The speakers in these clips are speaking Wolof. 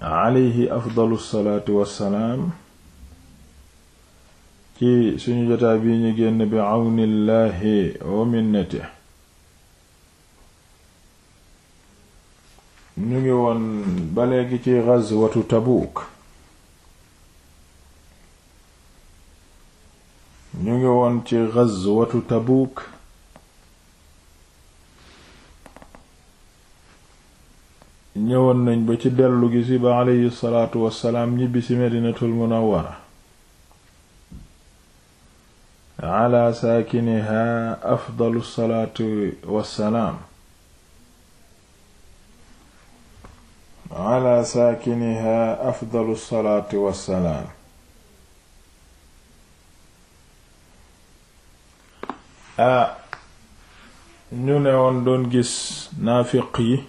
alayhi afdalu salaatu wassalaam ci suñu jotaa bi ñu génn bi àwnillaahi wa minnati ñu ngi woon ba léegi ci gazwatu Tabuuk ñu ngi woon ci gazwatu Tabuuk ñëwoon nañ ba ci dellu gi si ba aleyhi salaatu wassalaam ñibbi ci medinatul munawwara ala saakiniha afdalu salaatu ah, ñu ne woon doon gis naafiq yi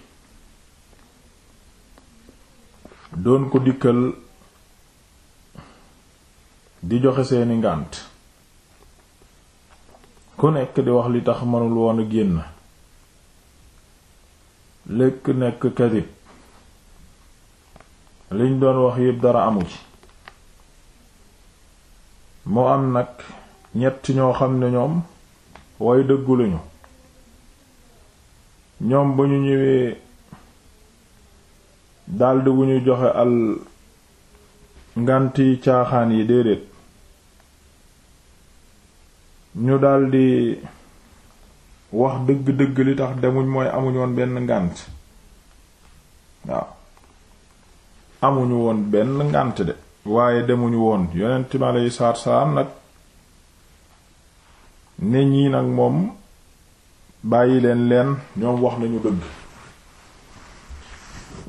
doon ko dikkal di joxe seeni ngànt ku nekk di wax li tax mënul woon a génn lëkk nekk kadib liñ doon wax yépp dara amu ci moo am nag ñett ñoo xam ne ñoom way dëggu ñoom ba ñu ñëwee daldi wu ñu joxe al nganti caaxaan yi déedéet ñu daldi wax dëgg-dëgg li tax demuñ mooy amuñ woon benn ngànt waaw amuñu woon benn ngànt de waaye demuñu woon yonent mi aleyhi salaatu salaam nag ne ñii nag moom bàyyi leen leen ñoom wax nañu dëgg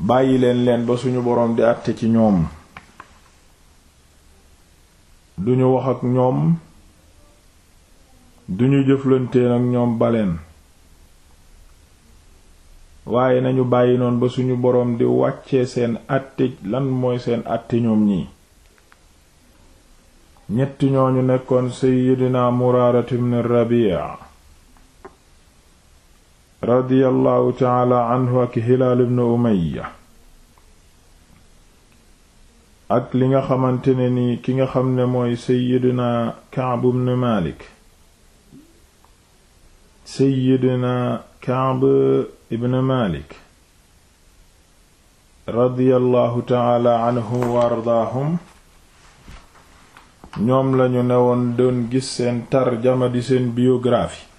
bàyyi leen leen ba suñu boroom di àtte ci ñoom duñu wax ak ñoom duñu jëflanteen ak ñoom baleen waaye nañu bàyyi noon ba suñu boroom di wàcce seen àtte lan mooy seen àtte ñoom ñi ñetti ñoo ñooñu nekkoon seyyidina Muraaratu ibn Rabi'a radiyallahu taala anhu ak Hilaal ibn Umayya ak li nga xamante ne ni ki nga xam ne mooy Seyyidina Ka'b ibn Malik Seyyidina Ka'b ibn Malik radiyallahu anhum wa ardaahum ñoom lañu newoon doon gis seen tarjama di seen biographie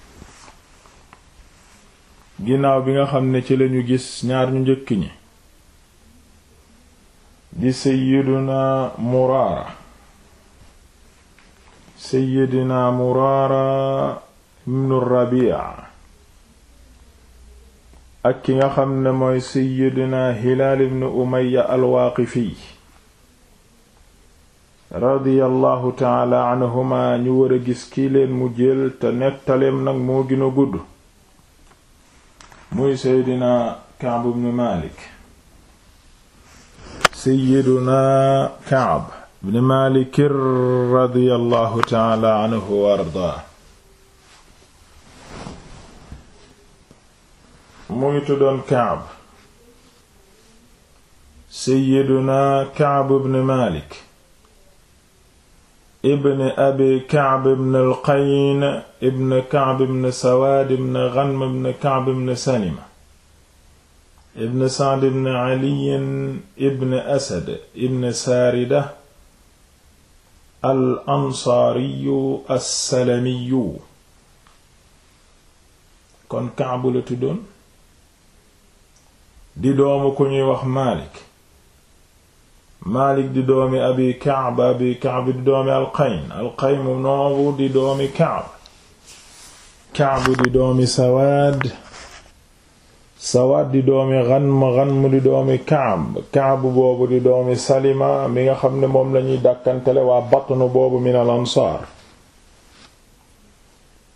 ginnaaw bi nga xam ne ci lañu gis ñaar ñu njëkk ñi di sayyiduna muraara sayyidina muraara ibnu rabia ak ki nga xam ne mooy sayyidina hilaal ibnu umayya alwaaqifi radiyallahu taala anhuma ñu war a gis kii leen mu jël te nettaleem nag moo gën a gudd muy seydina Kaab ibn Malik seydina Kaab ibn Malik radiyallahu ta'ala anhu wa ardaa mu ngi tuddoon Kaab seydina Kaab ibn Malik ibn abi kacb ibn alqayn ibn kacb ibn sawaad ibn ganm ibn kacb ibn salima ibn sacd ibn caliyin ibn asad ibn saarida al ansaariyu assalamiyu kon kacb la tuddoon di doomu ku ñuy wax maalik Malik di doomi Abi kaaba Abi Ka'b di doomi Alqayn Alqayn noobu di doomi Ka'b Ka'b di doomi Sawaad Sawaad di doomi Ghanm Ghanm di doomi Ka'b Ka'b boobu di doomi Salima mi nga xam ne moom lañuy dàkkantele waa batnu boobu min al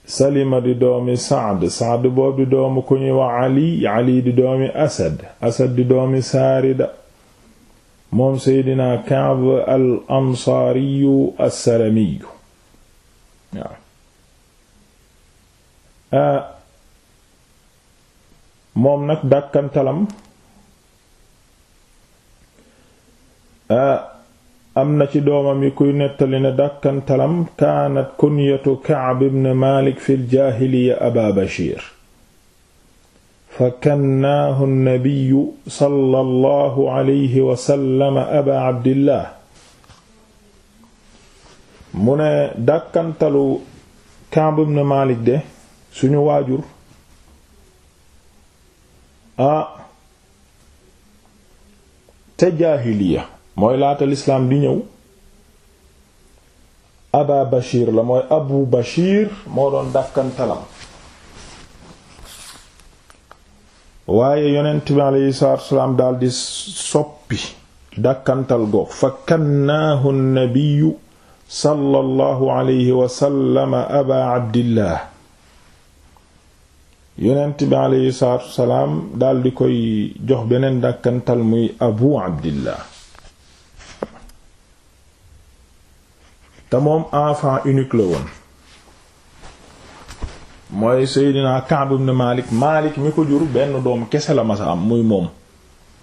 Salima di doomi Sa'd Sa'd boobu di doomi ku ñuy Ali Ali di doomi Asad Asad di doomi Saarida moom seydina Ka'b al ansaariyu assalamiyu waaw ah. moom nag dàkkantalam ah, am na ci doomam yi kuy nettali ne dàkkantalam kaanat kunyatu Ka'b ibn Maalik fil jaahiliya Abaa Bashiir fakannaahu nnabiyu sallallahu alayhi wa sallam aba abdillah mu ne dàkkantalu Kaab ibn Maalik de suñu waajur ah te jaahiliya mooy laata lislaam di ñëw aba Bashir la mooy Abu Bashir moo doon dàkkantalam waaye yonent bi aleyhi salaatu wasalaam daldi soppi dàkkantal goog fa kannaahu nabiyu sallallahu alayhi wasallam aba abdillah yonent bi aleyhi salaatu wasalaam daldi koy jox beneen dàkkantal muy abu abdillah te moom enfant unique la woon mooy Seydina Ka'b ibn Malik Malik mi ko jur benn doom kese la masa am muy moom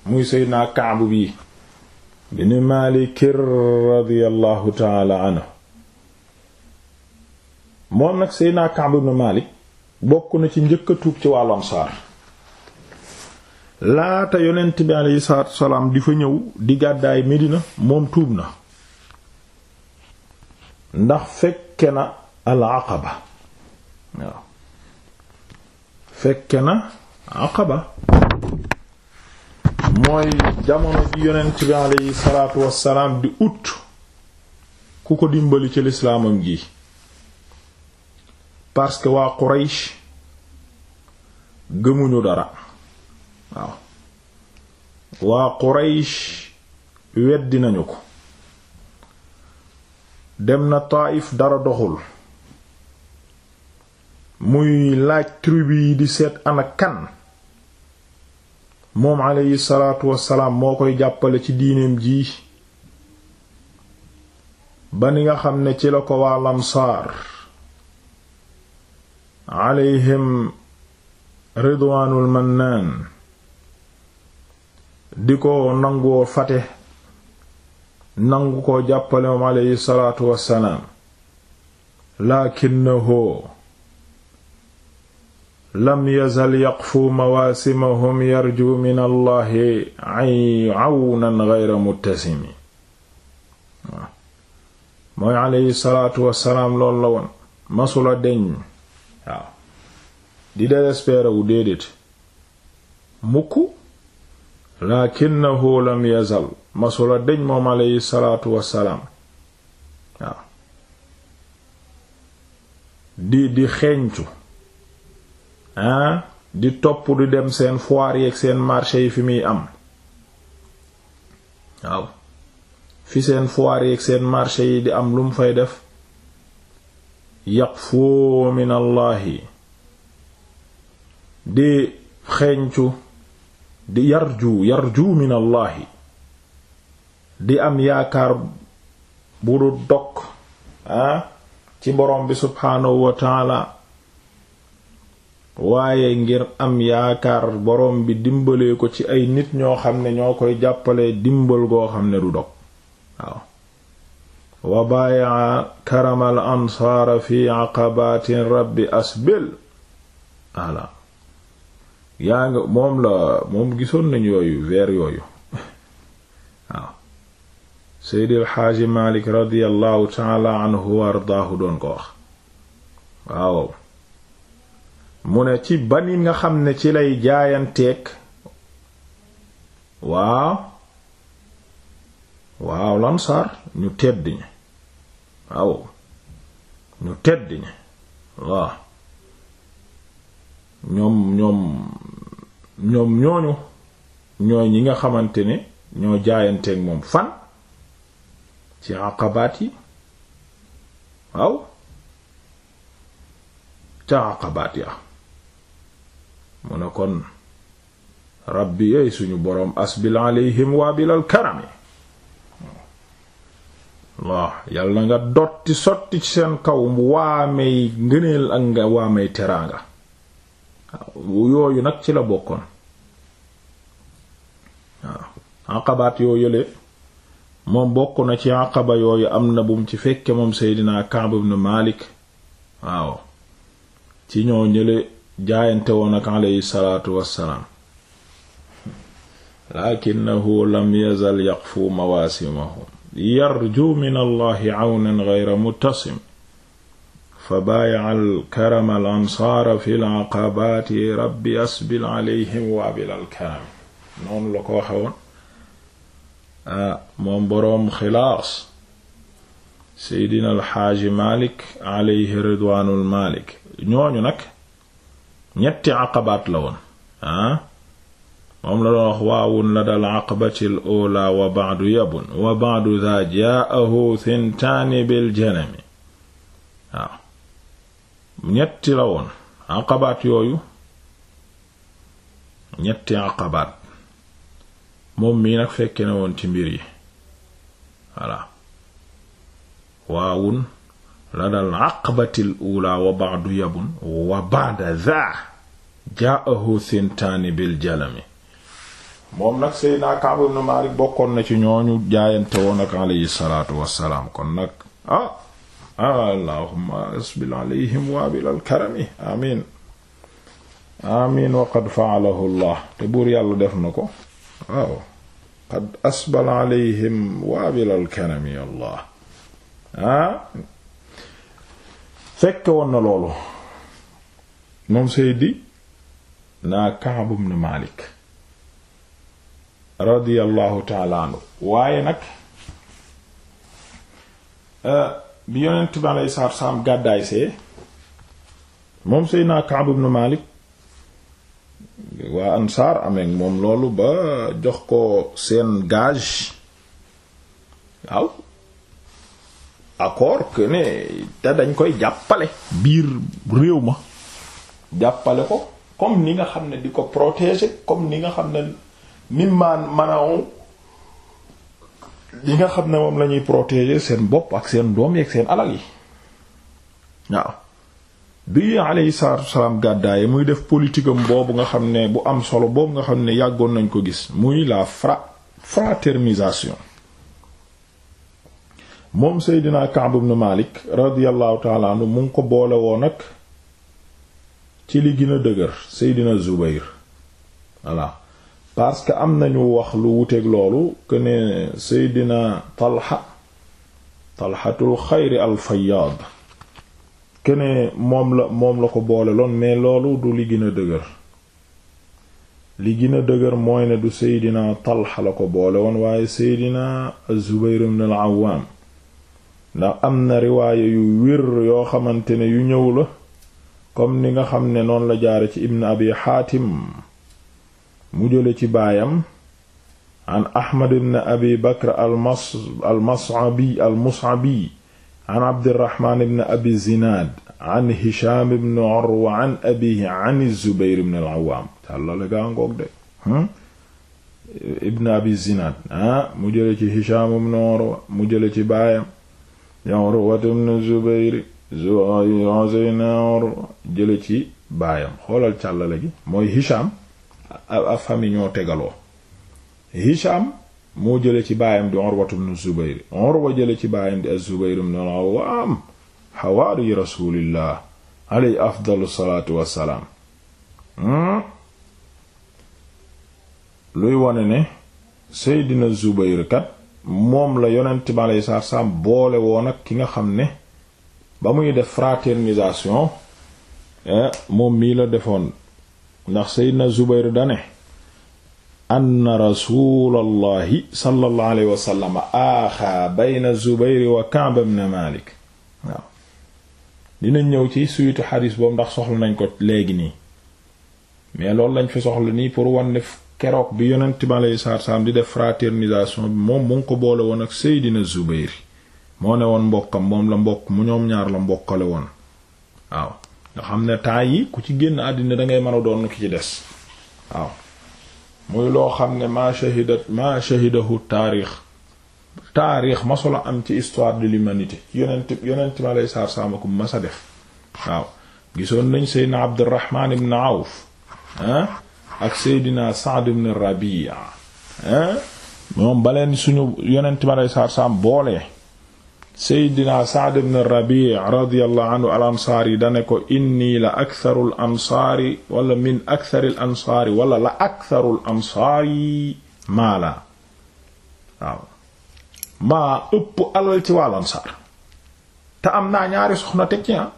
muy Seydina Ka'b bi bin Malik radiyallahu ta'ala anhu moom nag Seydina Ka'b ibn Malik bokk na ci njëkk tuub ci wàllu Ansaar laata yonent bi alayhi salaatu wasalaam di fa ñëw di gàddaay Medina moom tuub na ndax fekke na al Aqaba fekke na Aqaba mooy jamono ji yonent bi aleyhi salaatu wassalaam di ut ku ko dimbali ci lislaamam gi parce que waa Quraysh gëmuñu dara waaw waa Quraysh weddi nañu ko dem na Taayif dara doxul muy laaj tribu yi di seet ana kan moom aleyhi salaatu wassalaam moo koy jàppale ci diineem ji ba ni nga xam ne ci la ko waa lamsaar aleyhim ridwaanul mannaan di ko nangoo fate nangu ko jàppale moom aleyhi salaatu wassalaam lakinnahu lam yazal yaqfu mawaasimahum yarju min allahi ay awnan geyra muttasimi waaw mooy aleyhi salaatu wassalaam loolu la woon masula deñ waaw di désespéré wu déedéet mukk lakinnahu lam yazal masula deñ moom aleyhi salaatu wassalaam waaw di di xeeñcu di topp di dem seen foire yi ak seen marché yi fi muy am waaw fi seen foire yi ak seen marché yi di am lu mu fay def yaqfu min allahi di xeeñcu di yarju yarju min allahi di am yaakaar bu du dog ci borom bi subhaanahu wa waaye ngir am yaakaar boroom bi dimbalee ko ci ay nit ñoo xam ne ñoo koy jàppalee dimbal goo xam ne du dog waaw wa baayaa karamal ansaara fi aqabaatin rabbi asbil ala weer yooyu waaw seydi alxaaji malik radiallahu doon ko wax waaw mu ne ci bani nga xam ne ci lay jaayanteek waaw waaw lansaar ñu tedd ñi waaw ñu tedd ñi waaw ñoom ñoom ñooñu ñooy ñi nga xamante ne ñoo jaayanteeg moom fan ci àqabaat yi waaw ca àqabaat ya mu ne kon rabbi yooyu suñu boroom asbil alayhim waabilal karami waaw yàlla nga dotti sotti ci seen kaw waamey ngëneel ak nga waamey teraanga yooyu nag ci la bokkoon waaw àqabaat yoo yële moom bokk na ci àqaba yooyu am na bum ci fekke moom Seydina Ka'b ibn Malik waaw ci ñoo ñële jaayante woon ak aleyhi salaatu wassalaam laakinahu lam yazal yaqfu mawaasimahum yarju min allahi awnan geyra muttasim fa baayaca alkarama al ansaara fi laqabaati rabbi asbil aleyhim waabil alkarami noonu la ko waxe woon ah moom boroom xilaas seydina alxaaji malik aleyhi ridwaanul malik ñooñu nag ñetti aqabaat la woon ah moom la doon wax waawun la dal aqabatil ula wa baadu yabun wa baadu daa jaahu sintaani bil janami waaw ñetti la woon aqabaat yooyu ñetti aqabaat moom mii nag fekke na woon ci mbir yi waawun lanal aqbatil ula wa ba'du yabun wa ba'da dha ja'ahu sintaani bil jalami moom nag Seydina Ka'b ibn Malik bokkoon na ci ñooñu jaayante woon ak alayhi salaatu wassalaam kon nag ah allahumma asbil alayhim waabilal karami amin amin wa qad fa'alahu allah te buur yàlla def na ko waaw qad asbal alayhim waabilal karami allah ah fekke woon na loolu moom Seydina Ka'b ibn Malik radiyallahu ta'ala waaye nag euh, bi yonent bi alayhi salaatu salaam gàddaay see moom Seydina Ka'b ibn Malik waa ansaar amee moom loolu ba jox ko seen gage waaw accord que ne te dañ koy jàppale biir réew ma jàppale ko comme ni nga xam ne di ko protéger comme ni nga xam ne ni maan manaw nga xam ne moom lañuy ñuy protéger seen bopp ak seen doom yi ak seen alal yi waaw bi alayhi salaatu wasalaam gàddaaye muy def politique am boobu nga xam ne bu am solo boobu nga xam ne yàggoon nañ ko gis muy la fra fraternisation moom Seydina Ka'b ibn Malik radiyallahu taala mu ngi ko boole woon nag ci li gën dëgër Seydina Zubayr voilà parce que am nañu wax lu wuteeg loolu que ne Seydina Talha Talhatul xayri al-Fayyad que moom la moom la ko boole loon mais loolu du li gën a dëgër li gina dëgër mooy ne du Seydina Talha la ko boole woon waaye Seydina Zubayr ibn al-Awwam ndax am na riwaaya yu wér yoo xamante ne yu ñëw la comme ni nga xam ne noonu la jaare ci ibn abi xaatim mu jële ci baayam an ahmad ibn abi bakr almas almasabi almusabi an abdirahman ibn abi zinaad an hisham ibn urwa an abihi an zubair ibn alawaam càllale gaa ngoog de hmm? ibn abi zinaad ah, mu jële ci hisham ibn urwa mu jële ci baayam Urwatu bnu Zubayr Zuhayr an Seydina jële ci baayam xoolal càllale gi mooy Hisham ab famille ñoo tegaloo Hisham moo jële ci baayam di Urwatu bnu jële ci baayam di az-Zubayr bnu al-Awwaam xawaari Rasuulillah alayhi afdalu salaatu wassalaam hmm? luy wone ne Seydina Zubayr kat moom la yonent bi aleyhi salaatu salaam boole woon ak ki nga xam ne ba muy def fraternisation eh, moom mii la defoon ndax seydna Zubayr dane anna rasulallahi sallallahu alayhi wa sallam aaxaa bayna Zubayr wa Ka'b ibn Malik waaw dinañ ñëw ci suite xadis boobu ndax soxla nañ ko léegi nii mais loolu lañ fi soxla nii pour wan keroog bi yonent bi aleyhi salaatu salaam di def fraternisation bi moom mu ngi ko boole woon ak Seydina Zubayr moo ne woon mbokkam moom la mbokk mu ñoom ñaar la mbokkale woon waaw nga xam ne temps yi ku ci génn àddina dangay mën a doon ki ci des waaw muy loo xam ne ma shahida ma shahidahu taarix taarix masula am ci histoire de l'humanité yonent yonent bi aleyhi salaatu salaam ko masa def waaw gisoon nañ Seydina Abdurrahman ibn Awf ah ak Seydina Sa'd ibn Rabi'a moom baleen suñu yonent ma lay saar saam boole Seydina Sa'd ibn Rabi' radiyallahu anhu al ansaari dane ko inni la aktharu al ansaari wala ak akthari al ansaari wala la aktharu al ansaari maala waaw maa ëpp alal ci wàll ansaar te am naa ñaari soxna teg ci ah.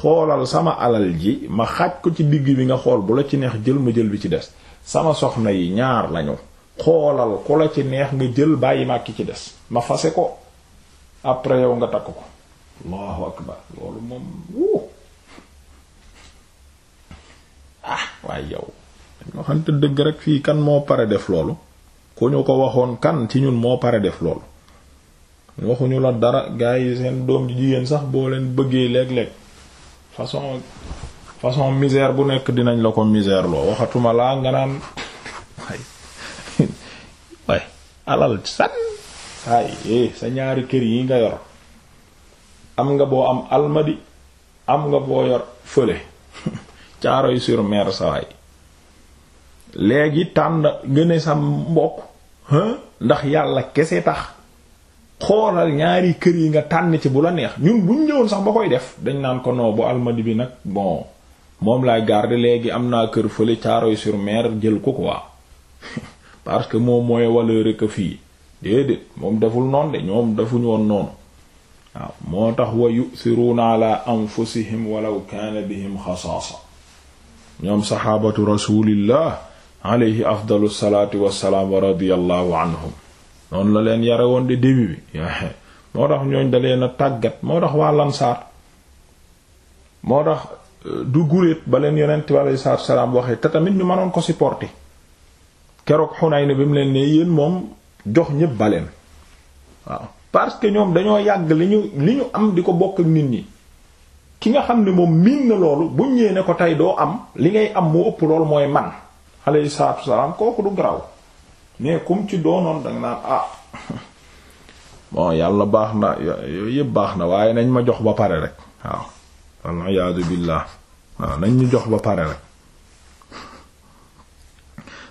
xoolal sama alal ji ma xaaj ko ci digg bi nga xool bu la ci neex jël ma jël bi ci des sama soxna yi ñaar lañu xoolal ku la ci neex nga jël bàyyi ma ki ci des ma fase ko après yow nga takk ko allahu akbar loolu moom wu ah waaye yow dañoo xamante dëgg rek fii kan moo pare def loolu ku ñu ko waxoon kan ci ñun moo pare def loolu waxuñu la dara gaa yi seen doom jigéen sax boo leen bëggee léeg-léeg façon façon misère bu nekk dinañ la ko misère loo waxatuma laa nga naan waay waay alal san saay eh, sa ñaari kër yi nga yor am nga boo am almadi am nga boo yor fële caaro sur mer sawaay léegi tànn gëne sa mbokk ndax yàlla kese tax xoolal ñaari kër yi nga tànn ci bu la neex ñun buñ ñëwoon sax ba koy def dañ naan ko non bu almadi bi nag bon moom laay garder léegi am naa kër fële caaroy sur mer jël ko quoi parce que moom mooy wala rek fii déedéet moom deful noonu de ñoom defuñu woon noonu waaw moo tax wa yu'thiruna ala anfusihim walaw kana bihim xasaasa ñoom saxaabatu rasulillah alayhi afdalu salaatu wa wa radiyallahu anhum noonu la leen yare woon de début bi moo tax ñooñ dalee na tàggat moo tax waa lansaar moo tax euh, du guréet ba leen yonent bi aleyhi salaatu salaam waxee te tamit ñu manoon ko supporter keroog Hunayn bi mu leen ne yéen moom jox ñépp baleen waaw parce que ñoom dañoo yàgg li ñu li ñu am di ko bokk ak nit ñi ki nga xam ne moom miin na loolu bu ñëwee ne ko tey doo am li ngay am moo ëpp loolu mooy man aleyhi salaatu salaam kooku du garaw mais comme ci doonoon danga naan ah bon yàlla baax na yooyu baax na waaye nañ ma jox ba pare rek waaw walla iyaadu billaah nañ ñu jox ba pare rek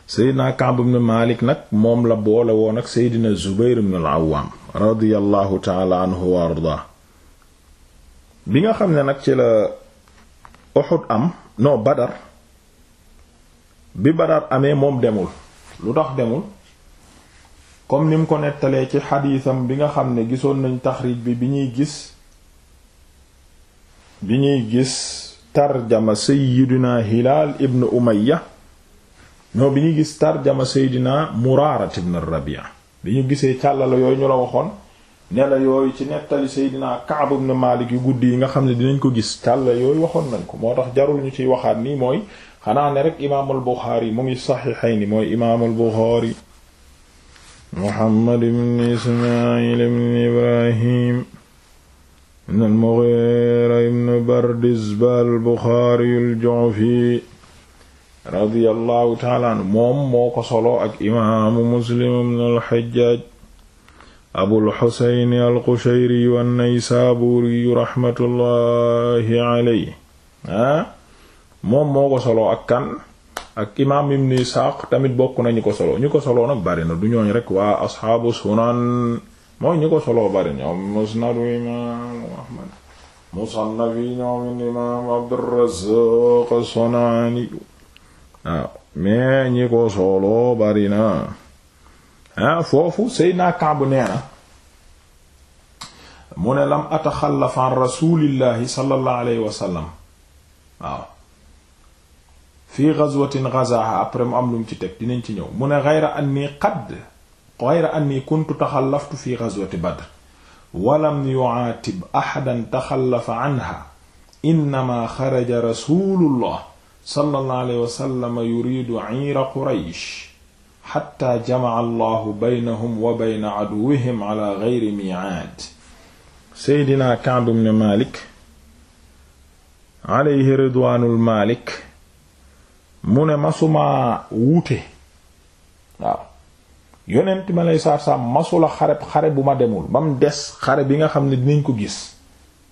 seydina Ka'b ibn Malik nag moom la boole woon ak seydina Zubayr ibn al-Awwam radiyallahu ta'ala ardaa bi nga xam ne nag ci la Uhud am non Badar bi Badar amee moom demul lu tax demul comme ni mu ko nettalee ci xadiisam bi nga xam ne gisoon nañu taxrij bi bi ñuy gis bi ñuy gis tarjama seydina hilaal ibn umaya ñoo bi ñuy gis tarjama seydina muraarat ibn rabia bi ñu gisee càllala yooyu ñu la waxoon ne la yooyu ci nettali seydina kaab ibn maalik yu guddi yi nga xam ne dinañ ko gis càllala yooyu waxoon nañ ko moo tax jarul ñu ciy waxaat nii mooy xanaa ne rek imaamul buxaari mu ngi saxiixayni mooy imaamul buxaari Muhammad ibn Ismaayil ibn Ibrahim ibn al-Mughiira ibn Bardizbah al-Buxaari al-Ju'fi radiyallahu ta'ala anhu moom moo ko solo ak imaamu Muslim ibn al-Hajjaaj Abul Husayn al-Qushayri an-Naysaabuuri rahmatullahi alayhi ah moom moo ko solo ak kan ak imaam ibn Isaaq tamit bokk na ko solo ñu ko solo nag bari na du ñooñ rek waa asxaabu sunan mooy ñu ko solo bari ñoom musnadu imaam Ahmad musannaf yi ñoom imaam Abdurrazzaq as-Sunaani waaw mais ñi ko solo bari na ah, foofu Seydina Kaab nee na mu ne lam ataxallaf an rasuulillahi sallallahu alayhi wa sallam fii ghazwatin ghazaha après mu am lu mu ci teg dinañ ci ñëw mu ne ghayra anni qad ghayra anni kuntu taxallaftu fi ghazwati badr walam yu'atib ahadan taxallafa anha innama xaraja rasulullah sallallahu alayhi wasallam yuridu ciira quraysh xatta jamaca allahu baynahum wa bayna aduwihim ala geyri miicaad seydina Ka'b ibn Maalik alayhi ridwaanul Maalik mu ne masuma wuute waaw yonent ma lay saar saam masula xareb xare bu ma demul ba mu des xare bi nga xam ne dinañ ko gis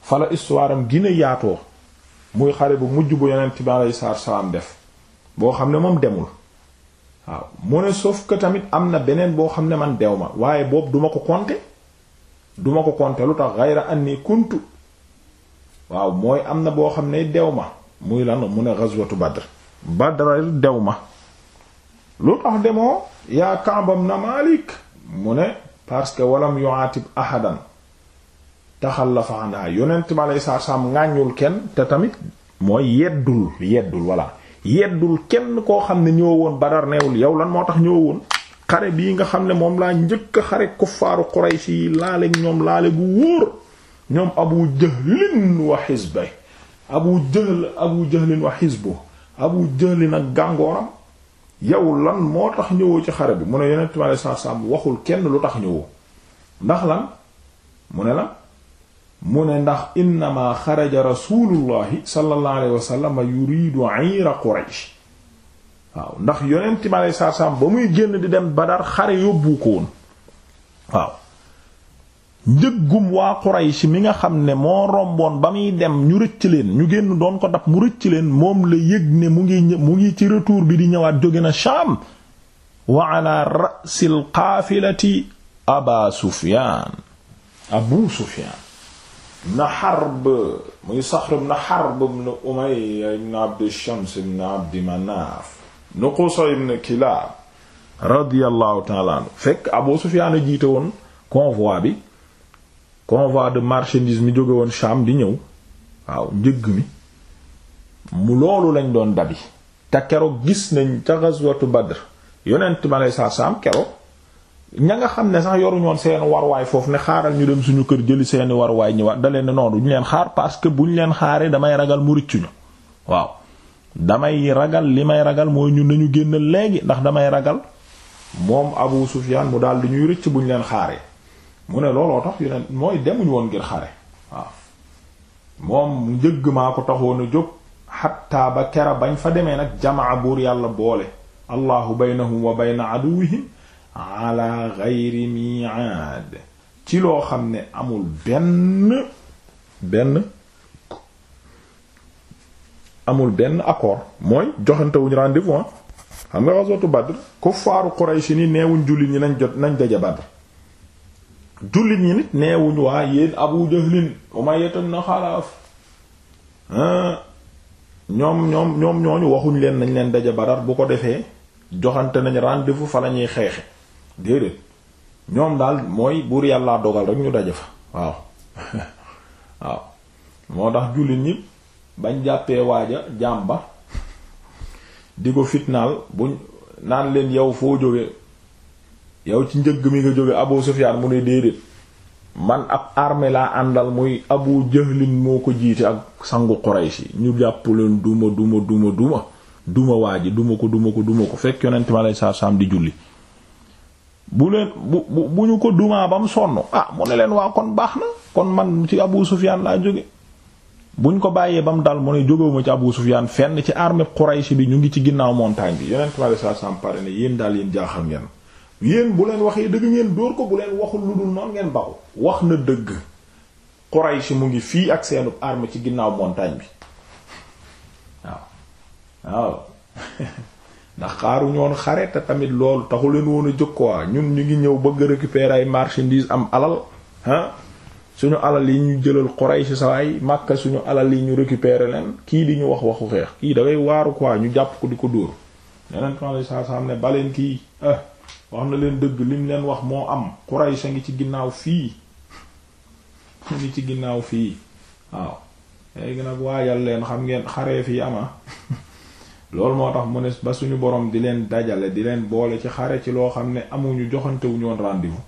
fala histoire am gina yaatoo muy xare bu mujj bu yonent ma lay saar saam def boo xam ne moom demul waaw mu ne sauf que tamit am na beneen boo xam ne man dew ma waaye boobu duma ko compter duma ko compter lu tax ghayra nii kuntu waaw mooy am na boo xam ne dew ma muy lan mu ne ghazwatu Badr Badr dew ma lu tax demoo yaa kaabam na Malik mu ne parce que walam yu'atib ahadan taxallafa anha yonent ma lay saar saam ŋàññul kenn te tamit mooy yeddul yeddul voilà yeddul kenn koo xam ne ñëw woon Badar neewul yow lan moo tax ñëw woon xare bii nga xam ne moom laa njëkk xare kuffaaru Quraysh yi laale ñoom laale bu wóor ñoom Abu Jahlin wa xisbe Abu Jahl Abu Jahlin wa xisbu abu jëli nag gàngooram yow lan moo tax ñëwoo ci xare bi mu ne yonent mi aleyhi salaatu salaam waxul kenn lu tax ñëwoo ndax lan mu ne la mu ne ndax innama xaraja rasulullahi sallallahu alayhi wa sallam yuridu ayra waaw ndax yonent mi aleyhi salaatu salaam ba muy génn di dem Badar xare yóbbu ko woon waaw njëggum waa Quraysh mi nga xam ne moo romboon ba muy dem ñu rëcc leen ñu génn doon ko dab mu rëcc leen moom la yëg ne mu ngi mu ci retour bi di ñëwaat jóge na Shaam wa ala ra'sil qaafilati aba Sufyaan abu Sufyaan ibn Harb muy Saxr fekk Abu Sufyaan a jiite woon convoi bi convoi de marchandise mi jóge woon Sham di ñëw waaw njëgg mi mu loolu lañ doon dabi te keroog gis nañ ca ghazwatu Badr yonent ma sa saam keroog ña nga xam ne sax yoruñoon seen warwaay foofu ne xaaral ñu dem suñu kër jëli seeni warwaay ñëwaat da leen ne noonu ñu leen xaar parce que buñ leen xaare damay ragal mu rëccu ñu waaw damay ragal li may ragal mooy ñun ñu génn léegi ndax damay ragal moom Abu Sufyan mu daal di ñuy rëcc buñ leen xaaree. mu ne looloo tax mooy demuñ woon ngir xare waaw moom njëgg maa ko taxoon a jóg xatta ba kera bañ fa demee nag jamaa buur yàlla boole allahu baynahum wa bayna aduwihim ala loo xam ne amul benn benn amul benn accord mooy joxantewuñu rendez-vous ah. xam nga ghazwatu Badr kuffaaru Quraysh ni neewuñ jullit ñi nañ jot nañ daje Badr jullit ñi nit neewuñ waa yéen abu jahlin umayyatan na xalaaf ñoom ñoom ñooñu waxuñ leen nañ leen daje badar bu ko defee joxante nañ rendez fa la ñuy xeexe déedéet ñoom daal mooy buur yàlla dogal rek ñu daje fa waaw waaw moo tax jullit ñi bañ jàppee waaja jàmba di ko fitnaal buñ naan leen yow foo jóge yow ci njëgg mi nga jóge Abu Sufyaan mu ne déedéet man ab armée laa àndal muy Abu Jahlin moo ko jiite ak sangu Quraysh ñu jàpp leen duma duma duma duma duma waa ji duma ko duma ko duma ko fekk yonent ma saa saam di julli bu leen bu bu ñu ko dumaa ba mu sonn a ah, mu ne leen waa kon baax na kon man ci Abu Sufyaan laa jóge buñ ko bàyyee ba mu dal mu ne jógewuma ci Abu Sufyaan fenn ci armée Quraysh bi ñu ngi ci ginnaaw montagne bi yonent ma lay saa yéen daal yéen jaaxal ngeen yéen bu leen waxee dëgg ngeen dóor ko bu leen waxul lu dul noonu ngeen baxu wax na dëgg Quraysh mu ngi fii ak seenu arm ci ginnaaw montagne bi waaw waaw ndax xaaruñu woon xare te tamit loolu taxu leen woon a jóg ñun ñu ngi ñëw bëgg récupérer ay marchandises am alal ah suñu alal yi ñu jëlal Quraysh sa waay Makka suñu alal yi ñu récupérer leen kii di ñu wax waxu xeex kii da ngay waaru quoi ñu jàpp ko di ko dóor yeneen temps yi saa saa am ne baleen kii eh, wax na leen dëgg lim leen wax moo am Quraysh a ngi ci ginnaaw fii a ngi ci ginnaaw fii waaw léegi nag waajal leen xam ngeen xaree fii ama loolu moo tax mu ne ba suñu boroom di leen dajale di leen boole ci xare ci loo xam ne amuñu joxantewuñu woon rendez-vous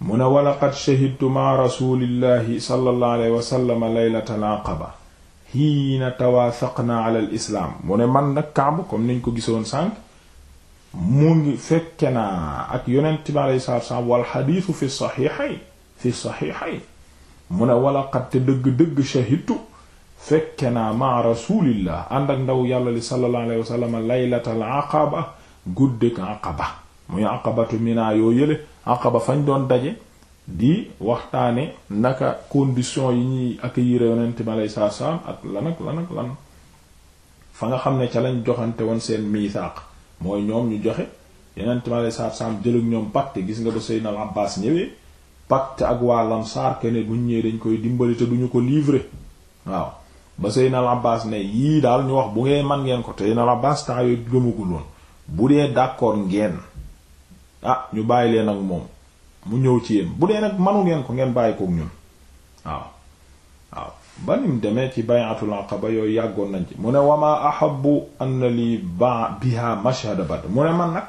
mu ne walaqad shahidtu ma rasulillahi sallallahu alayhi wa sallam laylatal aqaba hiina tawaasaqna ala al islaam mu ne man nag Kaab comme niñ ko gisoon sànq mu ngi fekke naa ak yonent bi alayhi salaatu wassalaam wal xadiisu fi saxiixayn fi saxiixayn mu ne wala qad te dëgg-dëgg shahidtu fekke naa ma rasulillah ànd ak ndaw yàlla li sallallahu alayhi wa sallam laylatal aqaba guddik aqaba muy aqabatu mina fañ doon daje di waxtaane naka condition yi ñuy ak lan ak lan ak lan fa nga xam ne ca lañ joxante woon seen miisaaq mooy ñoom ñu joxe yeneen mi alei saatu salaam jëlug ñoom pacte gis nga ba Seydina al Abbas ñëwee pacte ak waa Lamsaar bu buñ ñëwee dañ koy dimbali te duñu ko livrer waaw ba Seydina al Abbas ne yii daal ñu wax bu ngee man ngeen ko te Seydina al Abbas temps yooyu gëmagul woon bu dee d'accord ngeen ah ñu bàyyi leen ak moom mu ñëw ci yéen bu dee nag manu ngeen ko ngeen bàyyi kook ñun waaw ba demee ci bay'atul aqaba yooyu yàggoon nañ ci mu ne wama ahabbu anna li ba biha mashhada Badr mu ne man nag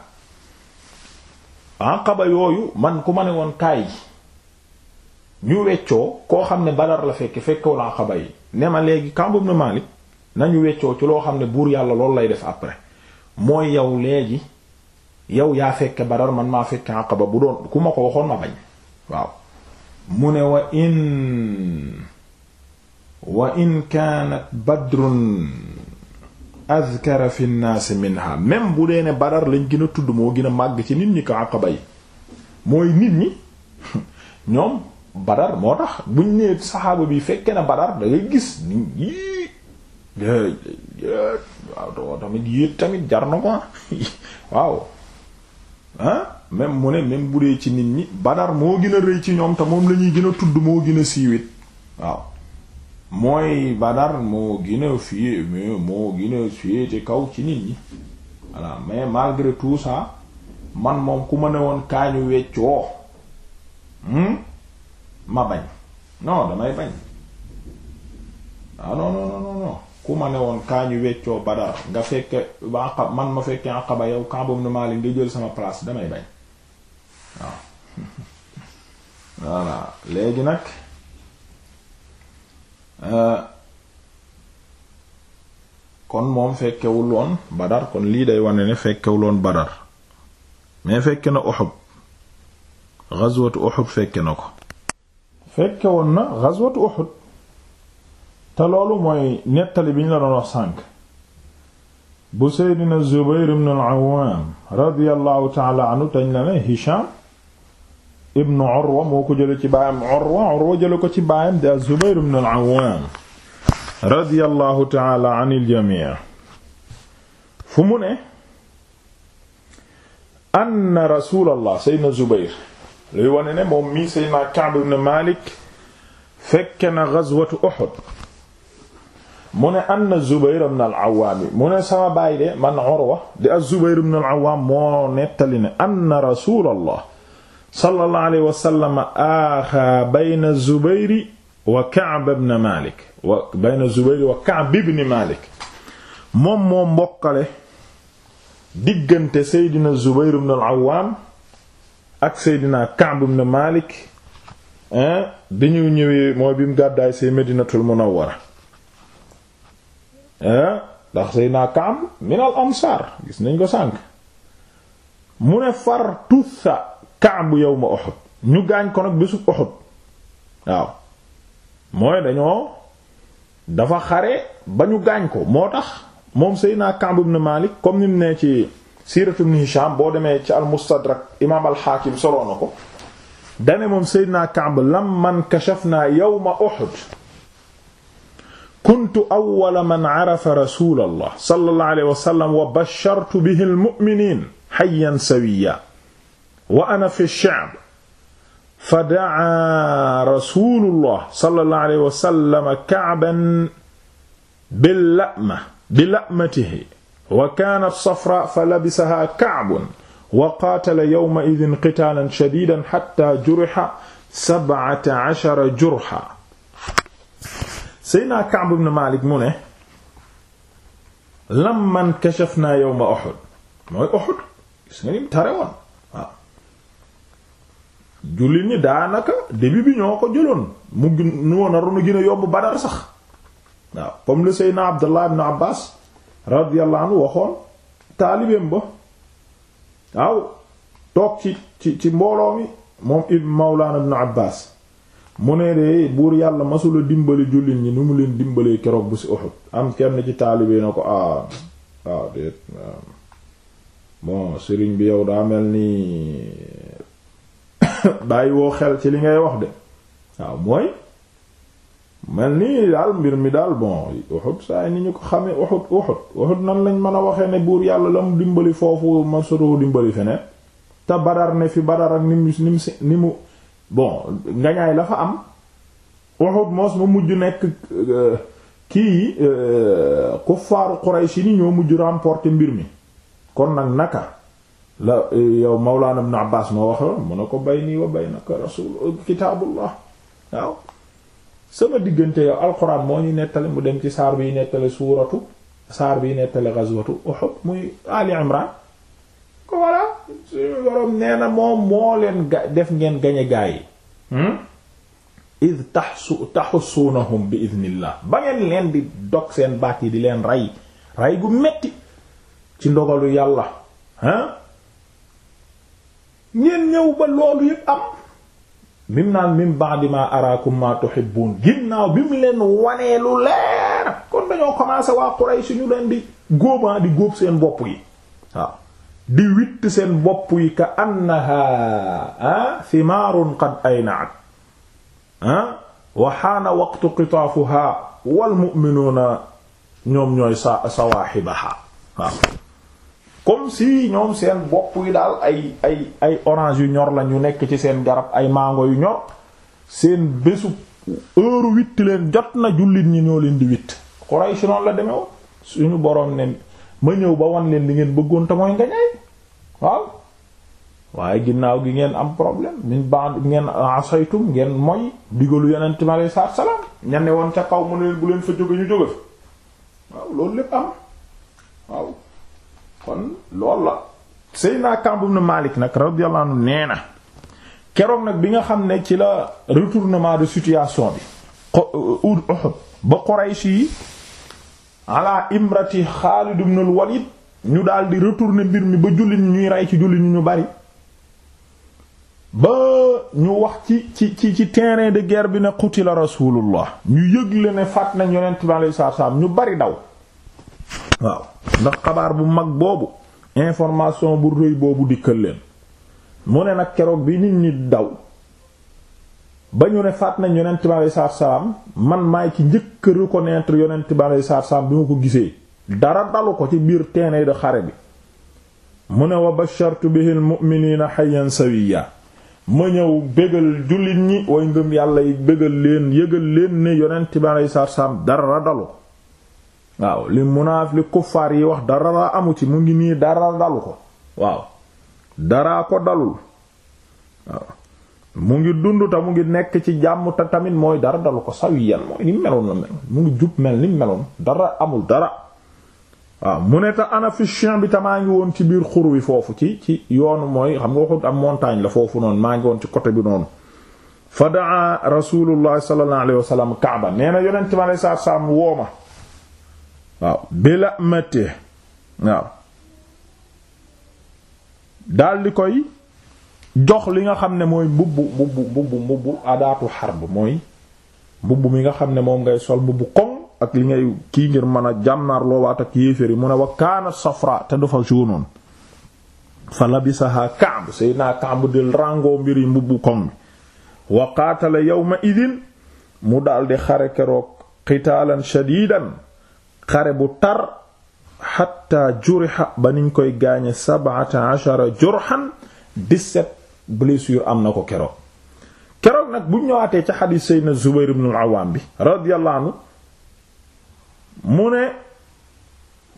aqaba yooyu man ku ma ne woon kaay ñu weccoo koo xam ne Badar la fekke fekkewul aqaba yi ne ma léegi Ka'b ibn Malik nañu weccoo ci loo xam ne buur yàlla lool lay def après mooy yow léegi yow yaa fekke Badar man maa fekke aqaba bu doon ku ma ko waxoon ma bañ waaw mu ne wa in wa in kaanat badrun azkara fi nnaasi bu dee ne badar lañ gën a tudd moo gën a màgg ci nit ñi ko àqaba mooy nit ñi ñoom badar moo tax buñ bi fekke na badar gis nit yii waaw doo jar na ko mu ne même bu dee ci nit ñi badar moo gën a rëy ci ñoom te moom la ñuy gën a tudd moo gën a siiwit waaw mooy Badar moo gën a fii moo gën a féete kaw ci nit ñi voilà mais malgré tout sax man moom ku ma ne woon kaañu weccoo hmm? ma bañ non damay bañ ah non non ku ma ne woon kaañu weccoo Badar nga fekke ba man ma fekke Aqaba yow kambam na nga jël sama place damay bañ waaw voilà léegi nag Euh, kon moom fekkewul woon badar kon lii day wane ne fekkewul woon badar mais fekke na Uhud ghazwatu Uhud fekke na ko fekke woon na ghazwatu Uhud te loolu mooy nettali bi ñu la doon wax sànk bu Seydina Zubayr ibn al-Awwam radiyallahu ta'ala anhu la ne Hisham ibnu Urwa moo ko jële ci baayam Urwa Urwa jële ko ci baayam di az-Zubayr ibn al-Awwam radiyallahu ta'ala anil jami' fu mu ne anna rasulallah seydna Zubayr luy wane ne moom mii seydna Ka'b ibn Malik fekke na ghazwatu Uhud mu ne ne sama baay de di az-Zubayr ibn al-Awwam moo nettali ne anna rasulallah sallallahu alayhi wa sallam aaxa bayna wa Ka'b ibn Malik wa bayna wa Ka'b ibn Malik moom moo mbokkale diggante Seydina Zubayr ibn al-Awwam ak Seydina Ka'b ibn Malik bi ñu ñëwee mooy bi mu gàddaay say Madinatul Munawwara ndax Seydina Ka'b min al-Ansar gis nañ ko sànk mu ne far tussa Ka'b yawma Uhud ñu gaañ ko nag bésub Uhud waaw mooy dañoo dafa xare ba ñu gaañ ko moo tax moom Seydina Ka'b ibn Malik comme ni mu Hisham boo demee ci al-Mustadrak imaam al-Hakim soloo na ko dane moom Seydina Ka'b lamman kashafna yawma Uhud kuntu awwala man arafa rasulallah sallallahu alayhi wa wa bashartu bihi al-mu'minin hayyan wa ana fi sha'b fa da'a rasulullah sallallahu alayhi wa sallam ka'ban bil la'ma bi la'matihi wa kaanat safra fa labisaha ka'b wa qaatala yawma idhin qitaalan shadiidan hatta juriha sab'ata ashara jurha Seydina Ka'b ibn Malik mu ne lamman kashafna yawma Uhud mooy Uhud gis nga ni mu tare woon jullit ñi daanaka début bi ñoo ko jëloon mu ñoo naroon a gën a yomb Badar sax waaw comme le Seydina Abdullah ibn Abbas radiyallahu anhu waxoon taalibeem ba waaw toog ci ci mbooloo mi moom ibn Mawlana ibn Abbas mu ne de buur yàlla masula dimbali jullit ñi nu mu leen dimbalee keroog bu ci Uhud am kenn ci taalibe na ko ah waaw ah, déet ah. bon sëriñ bi yow daa mel ni bàyyi woo xel ci li ngay wax de waaw mooy mel nii daal mbir mi daal bon Uhud saa ni ñu ko xamee Uhud Uhud Uhud nan lañ mën a waxee ne buur yàlla la mu dimbali foofu ma sotoo dimbali feneen te Badar ne fi Badar ak ni mu ni mu bon ngañaay la fa am Uhud moos ma mujj nekk euh, kii euh, kuffaaru Quraysh ni ñoo mujj remporter mbir mi kon nag naka la yow Mawlana Ibn Abbas moo waxoon mu ne ko bayni wa baynaka rasul kitaabullah waaw sama diggante yow alquran moo ñu nettale mu dem ci saar biy nettale suuratu saar biy nettale ghazwatu Uhud muy Ali Imran ko voilà suñu boroom nee na moom moo leen def ngeen gañe gaa yi hmm? id taxsu taxusuunahum bi idnillah ba ngeen leen di dog seen baat yi di leen rey rey gu metti ci ndogalu yàlla ah ngeen ñëw ba loolu yëpp am mim naan mim ba'di araakum ma tuhibbun ginnaaw bi mu leen wanee lu leer kon dañoo commencé waa Quraysh ñu leen di góobaa di góob seen bopp yi waaw di witt seen bopp yi ka annaha thimaarun qad ayna'at wa haana waqtu qitaafuha wal ñoom ñooy sa sawaahibaha comme si ñoom seen bopp yi daal ay ay ay orange yu ñor la ñu nekk ci seen garab ay mango yu ñor seen bésu heure witt leen jot na jullit ñi ñoo leen di witt Quraysh noonu la demee suñu boroom ne ma ñëw ba wan leen li ngeen bëggoon te mooy nga ñay waaw waaye ginnaaw gi ngeen am problème min ba ngeen asaytum ngeen moy digalu yeneen mi alayhi salaatu salaam ñan ne woon ca kaw mu ne leen bu leen fa jóge ñu jóge fa waaw loolu lépp am waaw kon loolu la Seydina Ka'b ibn Malik nag radiyallahu nee na keroog nag bi nga xam ne ci la retournement de situation bi euh, Uhud ba Quraysh yi ala imrati Xaalid ibn al ñu daal di retourner mbir mi ba jullit ñuy rey ci jullit ñu bari ba ñu wax ci ci ci ci terrain de guerre bi ne qutila rasulullah ñu yëgle ne faat nañ yonent bi alayhi salaam ñu bari daw waaw ndax xabaar bu mag boobu information bu rëy boobu dikkal leen mu ne nag keroog bi nit ñi daw ba ñu ne faat nañ yonent bi aleyhi salaatu salaam man maay ci ko reconnaître yonent bi aleyhi salaatu salaam bi ma ko gisee dara dalu ko ci biir terrain de xare bi mu ne ba bashartu bi al-mu'minina hayyan sawiya ma ñëw bégal jullit ñi way ngëm yàlla yi bégal leen yëgal leen ne yonent bi aleyhi salaatu salaam dara dalu ko waaw li munaaf li kuffaar yi wax dara amu ci mu ngi nii dara dalu ko waaw dara ko dalul mu ngi dund mu ngi nekk ci jàmm tamit mooy dara dalu ko sawiyan mooy ni meloon la mel mu ngi jub mel ni meloon dara amul dara waaw mu ne te ana fi chien bi te maa ngi woon ci biir xur wi foofu ci ci yoonu mooy xam nga waxut am montagne la foofu noonu maa ngi woon ci côté bi noonu fa daa rasulullah sallallahu alayhi wasallam kaaba nee na ci ma lay saar saam wooma waaw bila mate waaw daldi koy jox li nga xam ne mooy mbubb mbubb mbubb mbubb adaatu xarb mooy mbubb mi nga xam ne moom ngay sol mbubb koŋ ak li ngay kii ngir mën a jàmnaar loowaat ak yéeféri mu ne wa kaana safra te dafa joonoon fa labisaha Kaab Seydina mbubbu koŋ mi wa qaatala idin mu daldi xare keroog qitaalan shadiidan xare bu tar xatta juriha ba niñ koy gaañe sab'ata ashara jurhan 17 blessure am na ko keroog keroog nag buñ ñëwaatee ca xadiis seydna Zubayr ibn al bi radiyallahu anhu mu ne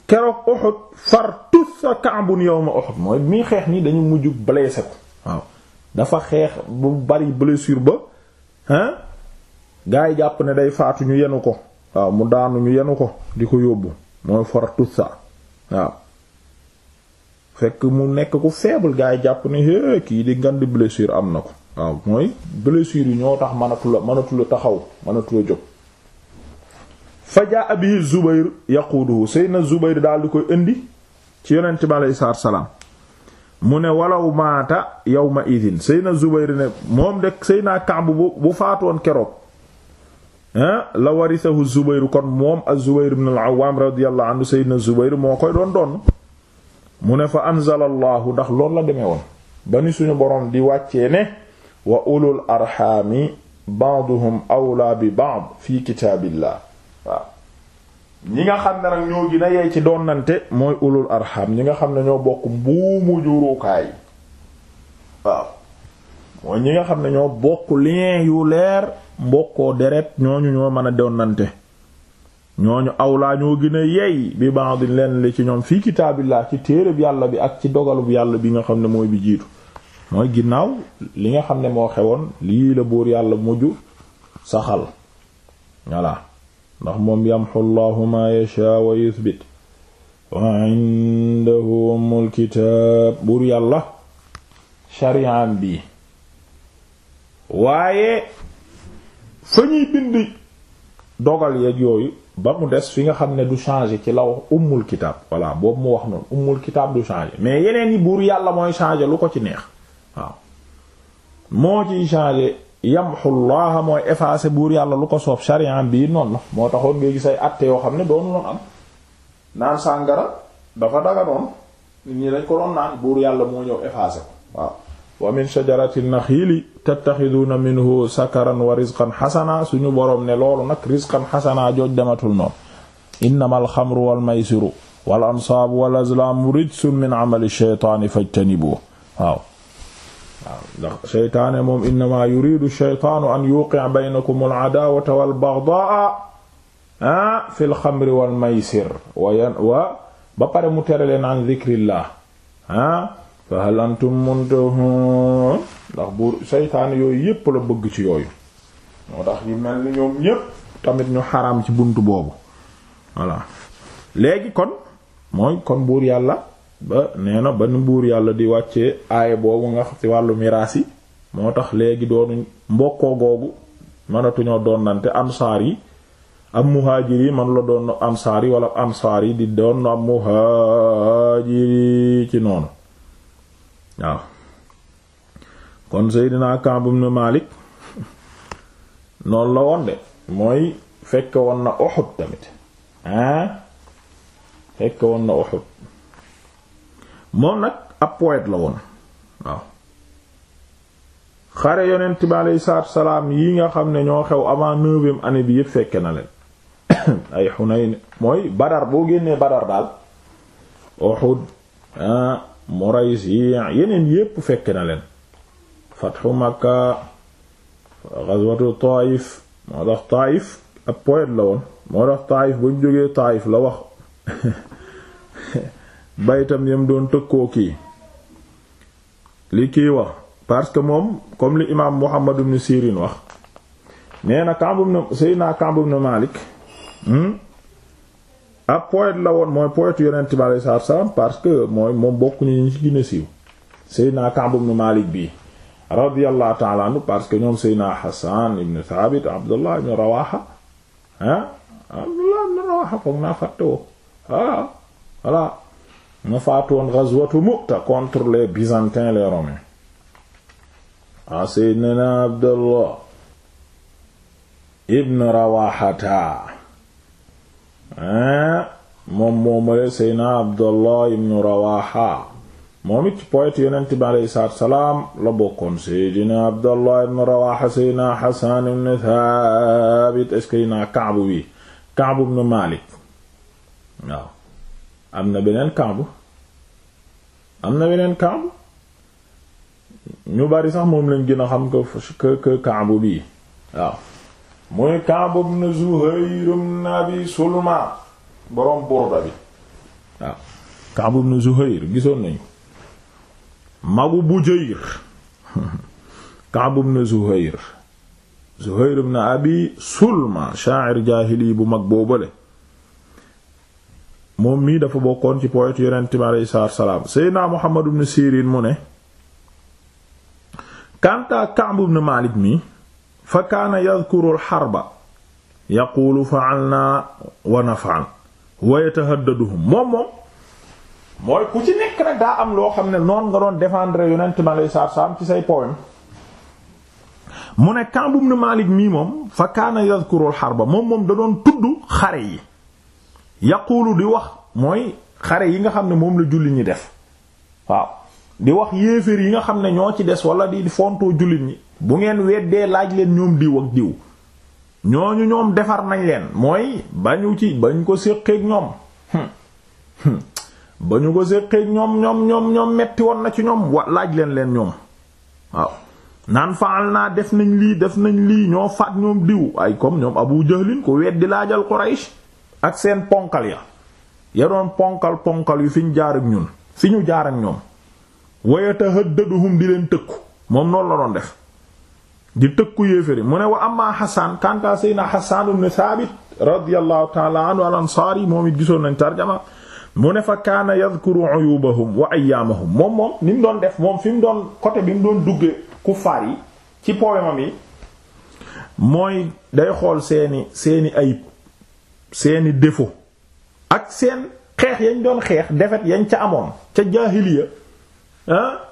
keroog Uhud far tussa Ka'bun yawma Uhud mooy mii xeex nii dañu mujj blessé ko waaw dafa xeex bu bari blessure ba hein gaa yi jàpp ne day faatu ñu yenu ko waaw mu daanu ñu yenu ko di ko yóbbu mooy fortut sa waaw fekk mu nekk ku faible gars yi jàpp ne é kii di ngand blessure am na ko waaw mooy blessure yi ñoo tax mënatula mënatula taxaw mënatula jóg fa jaa abi zubayr yaquuduhu seydna zubayr daal di koy indi ci yonent bi aleyhi salaatu mu ne walaw maata yawma idin seydna zubayr ne moom de naa Ka'b bu faatoon keroog la warisahu Zubayr kon moom az-Zubayr ibn al-Awwam radiyallahu anhu moo koy doon doon mu ne fa anzalallahu ndax loolu la demee woon ba ni suñu boroom di wàccee ne wa ulul arxaami ba'duhum awlaa bi ba'd fi kitaabillah waaw ñi nga xam ne nag ñoo gën a ci doonante mooy ulul arxaam ñi nga xam ne ñoo bokk mbuumu jurukaay waaw ñi nga xam ne ñoo bokk lien yu leer mbokkoo deret ñooñu ñoo mën a donnante ñooñu awlaa ñoo gën a yey bi baax di leen li ci ñoom fii kitaabillah ci téereb yàlla bi ak ci dogalub yàlla bi nga xam ne mooy bi jiitu mooy ginnaaw li nga xam ne moo xewoon lii la buur yàlla mujj saxal voilà ndax moom yamxu llahu ma yashaa wa yuthbit wa buur yàlla shari'am bi waaye fa ñuy bind dogal yooyu ba mu des fi nga xam ne du changer ci law wax ummul kitaab voilà boobu mu wax noonu ummul kitaab du changer mais yeneen yi buur yàlla mooy changer lu ko ci neex waaw moo ciy changer yamxullaha mooy effacer buur yàlla lu ko soob sharia bii noon la moo taxoon ngay say ay àtte yoo xam ne doonu loon am naan sàngara dafa daganoon nit ñi dañ ko doon naan buur yàlla moo ñëw effacer ko waaw wa min shajarati naxiili tattaxiduuna minhu sakaran wa rizqan xasana suñu boroom ne loolu nag rizqan xasana jooj dematul noonu innama alxamru walmaysiru wal ansaabu wal azlaamu rijsun min amali sheytaani fajtanibu waaw waaw ndax sheytaane moom innama yuridu sheytaanu an yuqi' baynakum al adaawata wal baghdaa'a fi lxamri walmaysir wa ba pare mu tere leen an dikrillah fa hal antum muntahun ndax buur seytaane yooyu yépp la bëgg ci yooyu moo tax yi mel ni ñoom ñépp tamit ñu xaraam ci bunt boobu voilà léegi kon mooy kon buur yàlla ba nee na ba nu buur yàlla di wàcce aaya boobu nga ci wàllu miraas yi moo tax léegi doonu mbokkoo googu doon doonante ansaar yi am muhaajir yi man doon ansaar yi wala ansaar yi di doon am muhaajir yi ci noonu waaw kon Seydina Kaab ibn Malik noonu la woon de mooy fekk woon na Uhud tamit ah fekk woon na Uhud moom nag ab poète la woon waaw xare yonent bi aleyhi salaatu salaam yi nga xam ne ñoo xew avant neuvième année bi yépp fekke na leen ay Hunayn mooy Badar boo génnee Badar daal Uhud yi yeneen yépp fekk na leen fatxu Makka gazwatu Taayif moo tax Taayif ab poète la woon moo tax Taayif ba ñu jógee Taayif la wax baytam yam doon tëkkoo kii li kii wax parce que moom comme li imaam Muhammad ibn Sirin wax nee na Ka'b ibn Sayyidina Ka'b ab ah, poète la woon mooy poète yonent bi alayhi salaatu salaam parce que mooy moom bokkuñu ñu ci gën siiw Seydina Ka'b ibn Malik bi radiyallahu ta'ala anhu parce que ñoom Seydina Hassan ibn Thabit Abdullah ibn Rawaha ah Abdullah ibn Rawaha Ah, moom moomale seyna abdallah ibnu rawaha moom it ci poète yonent bi aleyhi salaam la bokkoon seydina abdallah ibnu rawaha seyna hasan thabit est-ce kaabu wi kaabu ibnu malik waaw na beneen kaabu am beneen kaabu ñu bari sax moom lañ gën a xam kaabu bii muy Kaab ibn Zuhayr ibn Abi Sulma boroom Burda bi waaw Kaab ibn Zuhayr gisoon nañu magu Bujayr Kaab ibn Zuhayr Zuhayr ibn Abi Sulma sha'ir jaahili bu mag boobale moom mii dafa bokkoon ci poète yonent mi aleyhi salaam Seydina Muhammad ibn Sirin mu ne kanta Kaab ibn Malik mi fa kaana yadkuru alxarba yaquulu fa'alnaa wa naf'al wa yatahaddaduhum moom moom mooy ku ci nekk nag daa am loo xam ne noon nga doon défendre yonent ma lay saar saam ci say poème mu ne Kaab ibn Maalik mii moom fa kaana yadkuru alxarba moom moom da doon tudd xare yi yaquulu di wax mooy xare yi nga xam ne moom la jullit ñi def waaw di wax yéeféer yi nga xam ne ñoo ci des wala di fontoo jullit ñi bu ngeen weddee laaj leen ñoom diw ak diw ñooñu ñoom defar nañ leen mooy ba bañu ci bañ ko séqéeg ñoom hmm. Hmm. bañu ko séqéeg ñoom ñoom ñoom ñoom metti woon na ci ñoom wa laaj leen leen ñoom waaw naan faal naa def nañ lii def nañ lii ñoo faat ñoom diw ay comme ñoom abu jahlin ko weddi laajal Quraysh ak seen ponkal ya ya doon ponkal ponkal yu fi ñu jaar ak ñun fi ñu jaar ak ñoom wayata hëddaduhum di leen tëkku moom noonu la doon def di tëkku yéeféri mu ne wa amma Hassan kanta sayna Hassan ibn Thabit radiyallahu ta'ala anhu al-Ansari moom it gisoon nañ tarjama mu ne fa kaan yadhkuru uyubahum wa ayyaamahum moom moom ni doon def moom fi mu doon côté bi mu doon dugge kuffaar ci poemam yi mooy day xool seeni seeni ayib seeni défaut ak seen xeex yañ doon xeex defet yañ ca amoon ca jaahiliya ah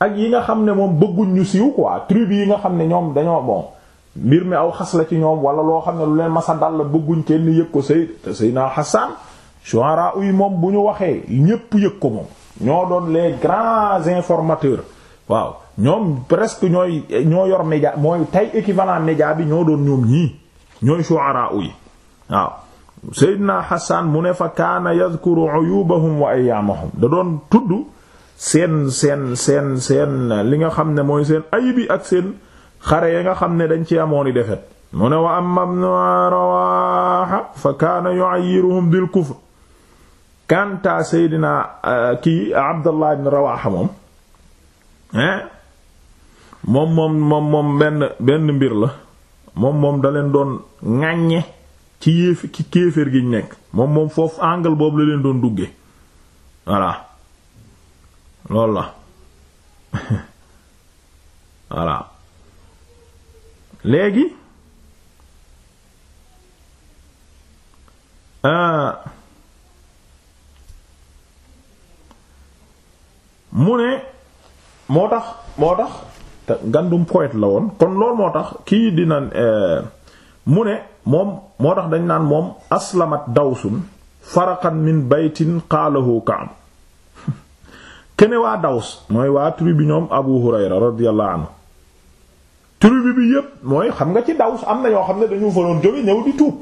ak yi nga xam ne moom bëgguñ ñu siiw quoi tribu yi nga xam ne ñoom dañoo bon mbir mi aw xas la ci ñoom wala loo xam ne lu leen masa dal la bëgguñ kenn yëg ko say te Seydina Hassan shuara uy moom bu ñu waxee ñépp yëg ko moom ñoo doon les grands informateurs waaw ñoom presque ñooy ñoo yor média mooy tey équivalent média bi ñoo doon ñoom ñii ñooy shuara uy waaw Seydina Hassan mu ne fa kaana yadhkuru uyubahum wa ayyamahum da doon tudd seen seen seen seen li nga xam ne mooy seen ayibi ak seen xare ya nga xam ne dañ ci amoon i defet mu ne wa am ibnu rawaha fa kaana yu'ayyiruhum bil kufr kanta seydina euh, kii abdallah ibn rawaha moom moom moom moom moom benn benn mbir la moom moom daleen doon ŋàññe ci yéef ci kéeféer gi ñu nekk moom moom foofu angle boobu la leen doon dugge voilà loolu la voilà léegi euh, mu ne moo tax moo tax te ngandum poète la woon kon loolu moo tax kii dina euh, mu ne moom moo tax dañ naan moom aslamat dawsun faraqan min baytin qaalahu Ka'b kene waa Daws mooy waa tribu ñoom Abu Hurayra radiyallahu anhu tribu bi yépp mooy xam nga ci Daws am na ñoo xam ne dañu fa doon jóge di tuub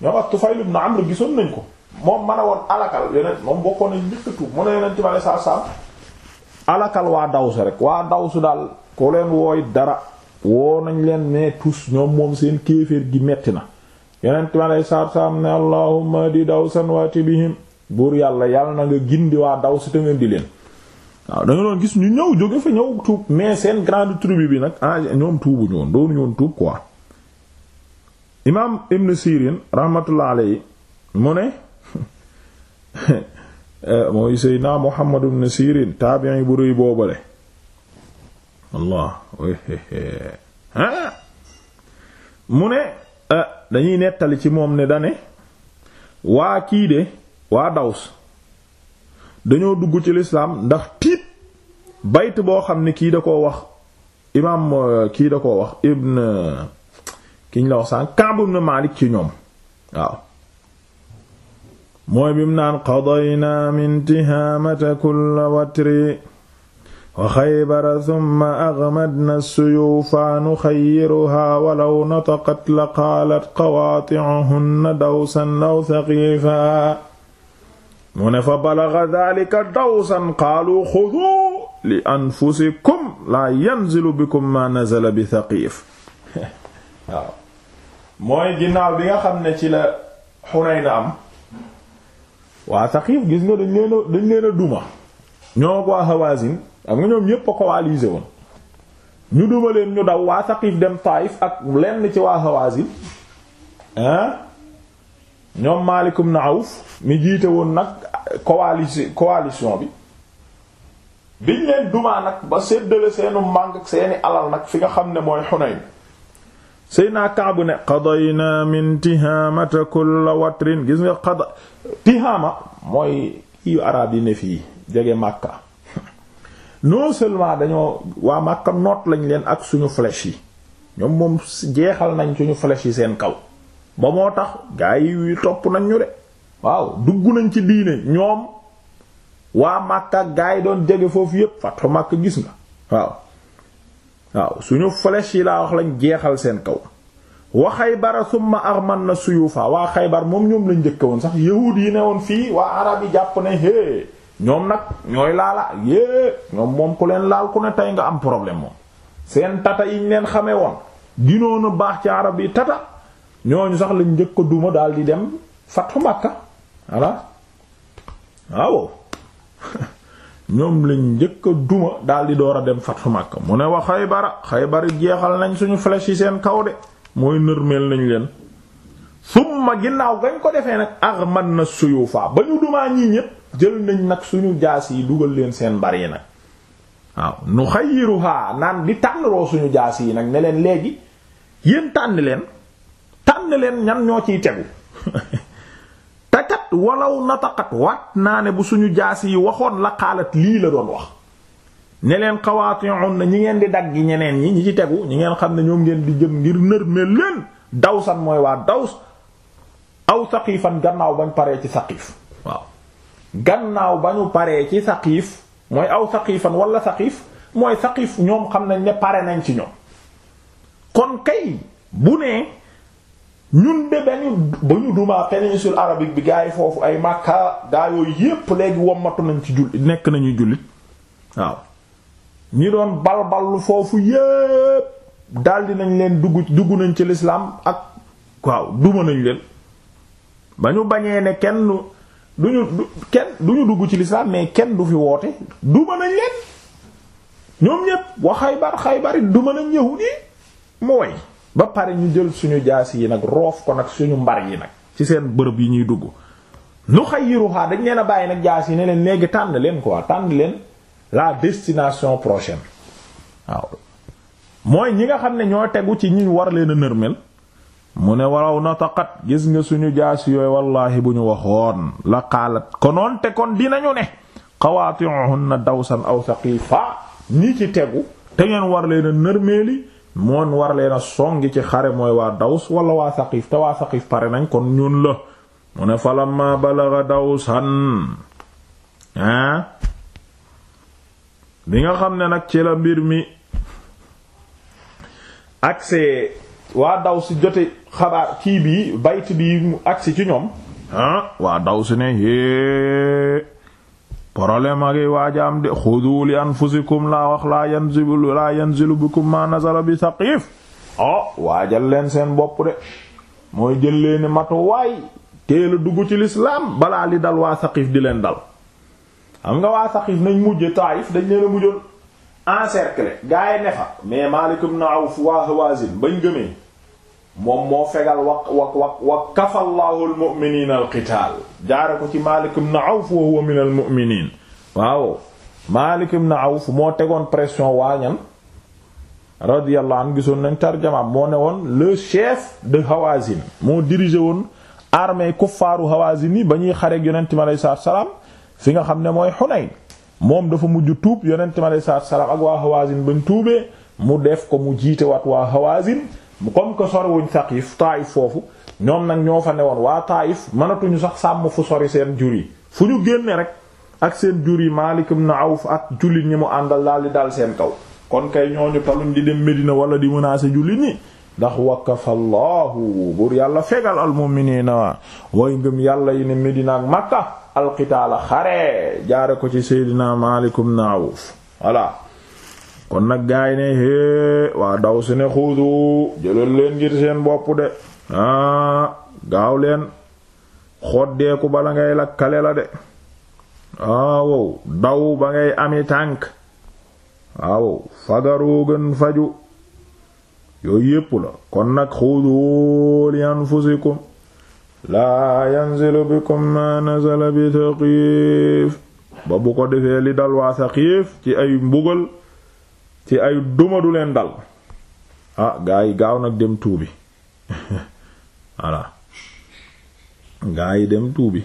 ñoom ak Tufayl ibn Amr gisoon nañ ko moom mën a woon alakal yeneen moom bokkoon nañ njëkk tuub mu ne yeneen ci saar-saam alakal waa Daws rek waa Daws daal ko leen wooy dara woo nañ leen mais tous ñoom moom seen kéeféer gi metti na yeneen ci bale saar-saam ne allahumma di Dawsan waati bihim buur yàlla yàlla na nga gindi waa daw si te leen waaw da doon gis ñu ñëw jóge fa ñëw tuub mais seen grande tribu bi nag en ah ñoom tuubuñu woon doonuñu woon tuub quoi. imaam Ibn Sirin rahmatullah alayhi mu ne mooy Seydina Muhammad ibn Sirin taabi'i bu rëy boobale eh, eh, eh. mu ne dañuy nettali ci moom ne dane waa kii de waa daws dañoo dugg ci lislaam ndax tiit bayt boo xam ne kii da koo wax imaam euh, kii la koo wax ibn kiñ la wax sànq ibn Malik ci ñoom waaw mooy bim naan qadayna min tihaamata kulla watri wa xaybara thumma aghmadna suyuufa nuxayyiruha walaw nataqat la qaalat qawaati'uhunna dawsan aw thaqiifa mu ne fa balaga dhalika dawsan qaalu xudu li anfusikum laa yanzilu bikum ma nazala bi thaqif waaw bi nga xam ne ci la Hunayn am waa Saqiif gis nga dañ leen a dañ leen a duma ñoo ko waa Hawazin am nga ñoom ñépp a coalisé woon ñu duma ñu daw waa Saqiif dem Taayif ak lenn ci waa Hawazin hein ñoom maalikum na awuf mi jiite woon nag coalition coalition bi biñ leen dumaa nag ba séddale seenu màng ak seeni alal nag fi nga xam ne mooy Hunayn Seydina Kaabu ne qadayna min tihaamata kulla watrin gis nga qada tihaama mooy yu araab ne fii jege Makka non seulement dañoo waa Makka noot lañ leen ak suñu flèche yi ñoom moom jeexal nañ suñu flèche yi seen kaw ba moo tax gaa yi topp nañ ñu de waaw dugg nañ ci diine ñoom waa Makka gaa yi doon jege foofu yépp fatu Makka gis nga waaw waaw suñu flèche yi laa wax lañ jeexal seen kaw wa xaybara summa arman na suyufa waa xaybar moom ñoom lañ njëkk woon sax yahuud yi ne woon fii waa arab yi jàpp ne hé ñoom nag ñooy laala yée ñoom moom ku leen laal ku ne tey nga am problème moom seen tata yiñ leen xamee woon ginoon a baax ci arab yi tata ñooñu sax lañ njëkk ko duma daal di dem fatxu Makka voilà waaw ñoom lañ njëkk duma daldi door a dem fatxu Makka mu ne wa Xaybara Xaybar jeexal nañ suñu flèche yi seen kaw de mooy nërmeel nañ leen summa ginnaaw gañ ko defee nag arman na suyufa ba ñu dumaa ñii ñépp jël nañ nag suñu jaas yi dugal leen seen mbar yi nag waaw nu xayiruha naan di tànnloo suñu jaas yi nag ne leen léegi yéen tànn leen ne leen ñan ñoo ciy tegu te kat walaw nataqat waat naa ne bu suñu jaas yi waxoon la xaalat lii la doon wax ne leen xawaation na ñi ngeen di dagg gi ñeneen ñi ñi ci tegu ñi ngeen xam ne ñoom ngeen di jëm ngir nër ne leen dawsan mooy waa daws aw saqifan gannaaw ba paree ci saqif waaw gannaaw paree ci saqif mooy aw saqiifan wala saqif mooy saqiif ñoom xam nañ ne pare nañ ci ñoom kon kay bu nee ñun de benn ba ñu duma péninsule arabique bi gaa yi foofu ay Makka gaa yooyu yépp léegi womatu nañ ci jullit nekk nañuy jullit waaw ñi doon balballu foofu yépp daldi nañ leen dugg dugg nañ ci lislaam ak waaw duma nañ leen ba ñu bañee ne kenn duñu kenn duñu dugg ci lislaam mais kenn du fi woote duma nañ leen ñoom ñépp wax Xaybar Xaybar duma nañ yahuudi mu way ba pare ñu jël suñu jaas yi nag roof ko nag suñu mbar yi nag ci seen bërëb yi ñuy dugg nu xayyiruha dañ leen a bàyyi nag jaas yi ne leen léegi tànn leen quoi tànn leen la destination prochaine waaw mooy ñi nga xam ne ñoo tegu ci ñu war leen a nërmel mu ne waraw nataqat gis nga suñu jaas yooyu wallahi bu ñu waxoon la xaalat konoon te kon dinañu ne xawaati'uhunna dawsan aw saqifa ñi ci tegu te ngeen war leen a nërmeeli moon war leen a songi ci xare mooy waa daws wala waa saqiif te waa saqiif pare nañ kon ñun la mu ne falamma balaga dawsan ah bi nga xam ne nag ci la mbir mi agse waa daws jote xabaar kii bi bayt bi mu agsi ci ñoom ah waa daws ne é problème ak waajaam de xudu li anfusikum laa wax laa yanzilu laa yanzilu bikum ma nazala bi saqif oh waajal leen seen bopp de mooy jël leen matu waay teel a dugg ci lislaam balaa li dal waa saqif di leen dal xam nga waa saqif nañ mujje taayif dañ leen a mujjoon encercler gaa yi ne fa mais Maalik ibn Awf waa Hawaazin bañ gëmee moom moo fegal wa wa wa kafa llahu almuminina jaare ko ci Maalik ibn Awf wa huwa min almuminin waaw Maalik ibn Awf moo tegoon pression waañan radiyallahu anhu gisoon nañ tarjamaam moo ne woon le chef de Hawazin moo dirigé woon armée kuffaaru Hawazin yi ba ñuy xareeg yonente mi aleyi salaam fi nga xam ne mooy Hunayn moom dafa mujj tuub yonente mi aleyi salaam ak waa Hawazin bañ tuubee mu def ko mu jiite waat waa Hawazin comme que soriwuñ Saqif Taif foofu ñoom nag ñoo fa woon waa Taif mënatuñu sax sàmm fu sori seen jur yi fu ñu génne rek ak seen jur yi maalikum ibn Awf ak jullit ñi mu àndal daal di dal seen kaw kon kay ñooñu taluñ di dem Medina wala di menacer jullit ñi ndax wakafa allahu buur yàlla fegal almuminina way ngëm yàlla yi ne Medina ak Makka alqitaala xare jaare ko ci Seydina Maalik ibn Awf voilà kon nag gaay ne hée waa daw si ne xuutu jëlal leen ngir seen bopp de ah gaaw leen xoddeeku bala ngay lakkale la de daw ba ngay ami tànk waaw fagaroo gën faju yooyu yépp la kon nag xudu li anfusikum laa yanzilu bikum ma nazala bi saqiif ba bu ko defee li dal waa saqiif ci ay mbugal ci ay duma du leen dal ah gaa yi gaaw nag dem tuubi voilà dem tuubi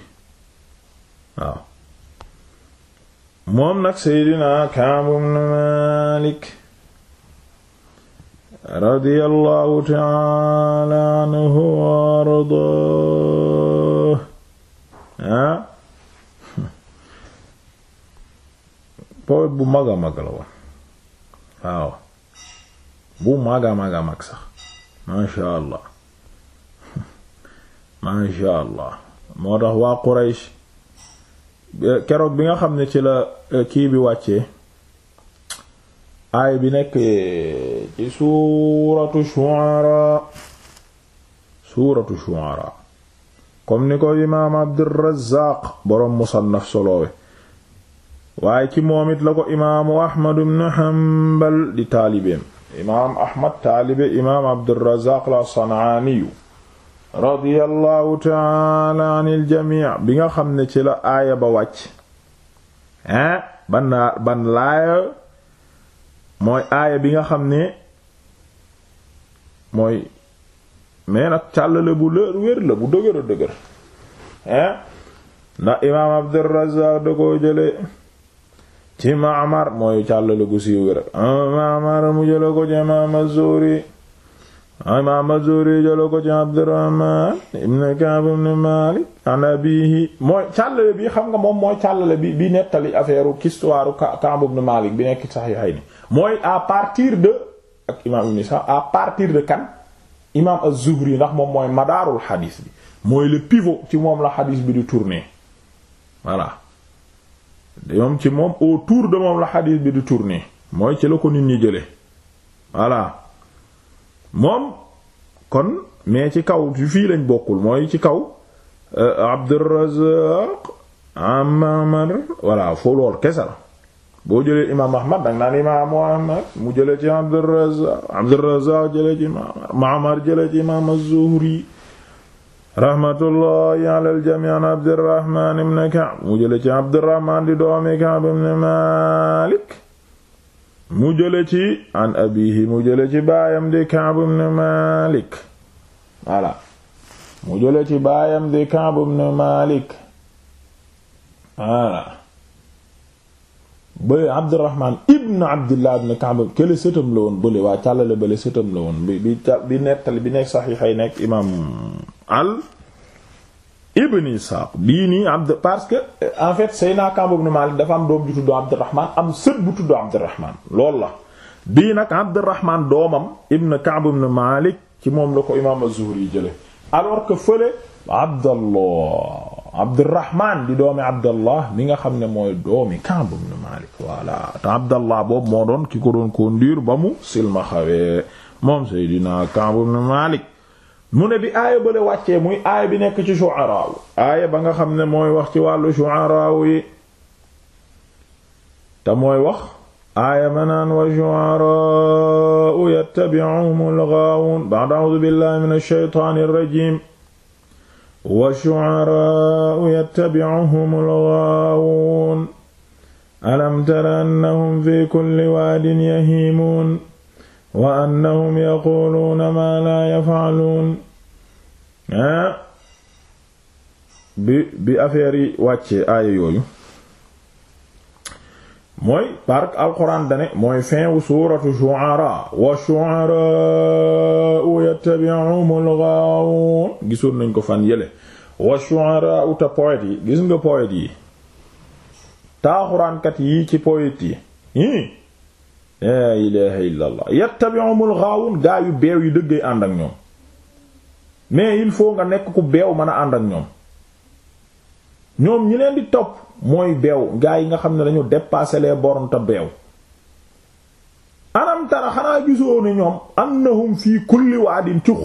moom nag seydina Ka'b ibn Malik radiyallahu ta'ala anhu wa ardaa ah? poet bu mag a mag waaw bu mag a mag a mag sax masha allah masha allah moo tax waa Quraysh keroog bi nga xam ne ci la eh, kii bi wàccee aay bi nekk eh, ci suuratu shu'ara suuratu shu'ara comme ni ko imaam Abdurrazzaq boroom musannaf soloowe waaye ci moom it la ko imaamu ahmad ibn hanbal di taalibeem imaam ahmad taalibe imaam abdurazaq la sanaaniyu radiyallahu taala an iljamic bi nga xam ne ci la aaya ba wàcc hein ban ban laaya mooy aaya bi nga xam ne mooy mais nag càllale bu lër wér la bu dëgër a dëgër hein ndax imaam abdurazaq da ko jële ci Ma'mar mooy càllale gu siiw rek ah, Ma'mar mu jëla ko ci imaam Az-Zuhri ah, ko ci Abdurrahman ibn Ka'b ibn Malik an bi xam nga moom mooy càllale bi bi nettali affaire histoire Ka'b ibn Malik bi nekk Sahihayni mooy à partir de ak imaam Ibn ndax moom mooy madaarul xadiis bi mooy le pivot ci moom la xadiis bi di tourner moom ci moom autour de moom la xadiis bi di tourner mooy ci la ko nit ñi jële voilà moom kon mais ci kaw fii lañ bokkul mooy ci kaw euh, Abdurrazzaq Amamar voilà foo lool boo jëlee imaam Ahmad dang naan imaamu Ahmad mu jëlee ci Abdurrazzaq Abdurrazzaq jëlee ci Ma'mar Ma'mar jëlee ci imaam az rahmatullahi ala aljamii an abdirahman ibn Ka'b mu jële ci abdirahman di doomi Ka'b ibn Malik mu jële ci an abihi mu jële ci baayam di Ka'b ibn Malik voilà mu jële ci baayam di Ka'b ibn Malik voilà ba abdirahman ibn abdillah ibn Ka'b kële sëtam la woon bële waa càllale bi bi bi imaam al ibn Isaaq bii nii abd parce que en fait Seydina Ka'b ibn Maalik dafa am doom ju la bii nag Abdurrahman ibn Ka'b ibn Maalik ci moom la ko imaam az-Zuhri jële alors que fële Abdallah Abdurrahman di doomi Abdallah mi nga xam ne mooy doomi Ka'b ibn Malik voilà te Abdallah boobu moo doon ki ko doon conduire ba mu silma xawee moom Seydina Ka'b ibn Malik mu ne bi aaya bale wàccee muy aaya bi nekk ci shu'ara aaya ba nga xam ne mooy wax ci wàllu shu'ara yi te mooy wax aaya manaan wa shu'ara yattabi'uhumul ghaawun ba'da a'uuzu billahi minash shaytaanir rajiim wa shu'araa'u yattabi'uhumul ghaawuun alam tara annahum fi kulli waadin yahiimuun wa annahum yaquuluuna maa laa yaf'aluun ah, bi bi affaire yi wàcce aaya yooyu mooy park alquran dane mooy fin wu suratu shu'ara wa shu'ara yattabi'umul ghaawun gisoon nañ ko fan yële wa shu'ara uta poète yi gis nga poète yi taaxuraankat yi ci poète yi i laa ilaha illa allah yattabi'umul ghaawun gaa yu beew yu dëggay ànd ak ñoom mais il faut nga nekk ku beew mën a ànd ak ñoom ñoom ñi leen di topp mooy beew gaa yi nga xam ne dañu dépasser les bornes te beew anam tara xanaa gisoo ne ñoom annahum fii kulli waadin ci xur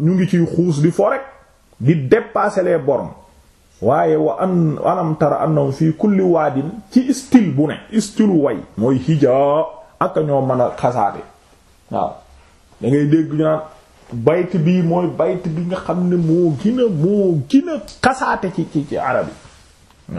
ngi ciy xuus di fo rek waaye wa an anam tara annahum bu ne style way mooy hija ak ñoo mën a xasaate waaw da dégg ñu naan bayt bii mooy bayt bi nga xam ne moo gën a moo gën kasaate ci ci ci arab yi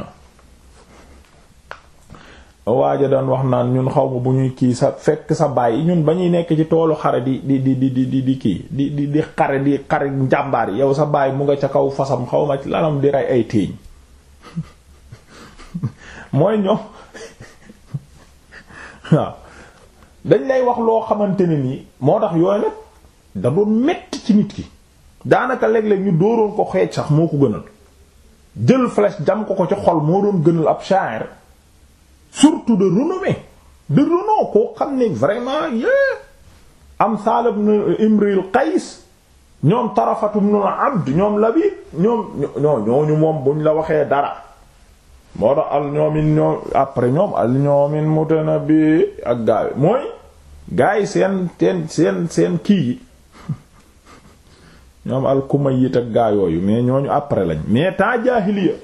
waaw waaja daan wax naan ñun xaw ma bu ñuy kii sa fekk sa bàyyi ñun ba ñuy nekk ci toolu xare di di di di di kii di di xare di xare njàmbaar yow sa baay mu nga ca kaw fasam xaw ma ci lanam di rey ay téeñ mooy ñoom waaw dañ lay wax loo xamante ne nii moo tax yooyu nag da doon metti ci nit ki daanaka léeg-léeg ñu dooroon ko xeej sax moo ko gënal jël flèche jam ko ko ci xol moo doon gënal ab sha'ir surtout de renommée de renom koo xam ne vraiment yé am saalab na imril qais ñoom tarafatum na abd ñoom labib ñoom ñoo ñooñu moom buñ la waxee dara moo tax al ñoomin ñoo après ñoom al ñoomin mutanabbi ak gaawe mooy gars yi seen seen seen seen kii yi ñoom al-Kumayyit ak gaa yooyu mais ñooñu après lañ mais temps jaahiliya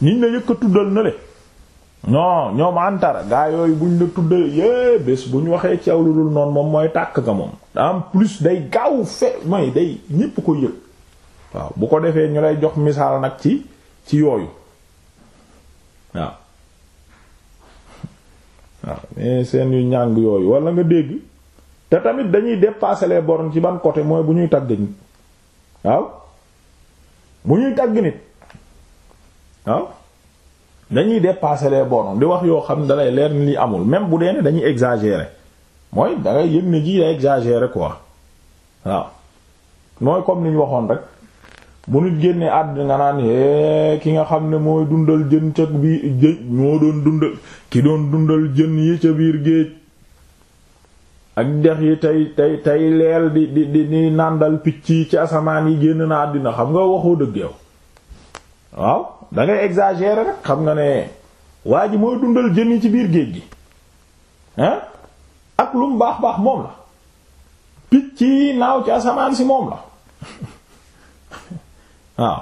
niñ la yëkk a tuddal na le non ñoom antara gaa yooyu buñ la tuddal yée bés bu ñu waxee ci aw lu dul noonu moom mooy tàkk nga moom en plus day gaaw fe mooy day ñépp ko yëg waaw bu ko defee ñu lay jox misaal nag ci ci yooyu waaw waaw mais seen yu ñàng yooyu wala nga dégg te tamit dañuy dépasser les bornes ci ban côté mooy bu ñuy tàgg nit waaw bu ñuy tàgg nit waaw dañuy dépasser les bornes di wax yoo xam ne dalay leer ni li amul même bu dee ne dañuy exagérer mooy dangay yëg ne ji day exagérer quoi waaw mooy comme ni waxoon rek bu nit génnee àddina nga naan é ki nga xam ne mooy dundal jën ca biir géej moo doon dundal ki doon dundal jën yi ca biir géej ak dex yi tey tey tey leel di di di di nàndal picc yi ci asamaan yi génn na àddina xam nga waxoo dëgg yow waaw da ngay rek xam nga ne waa ji mooy dundal jën yi ci biir géej gi hein ak lu mu baax baax moom la picc ci naaw ci asamaan si moom la waaw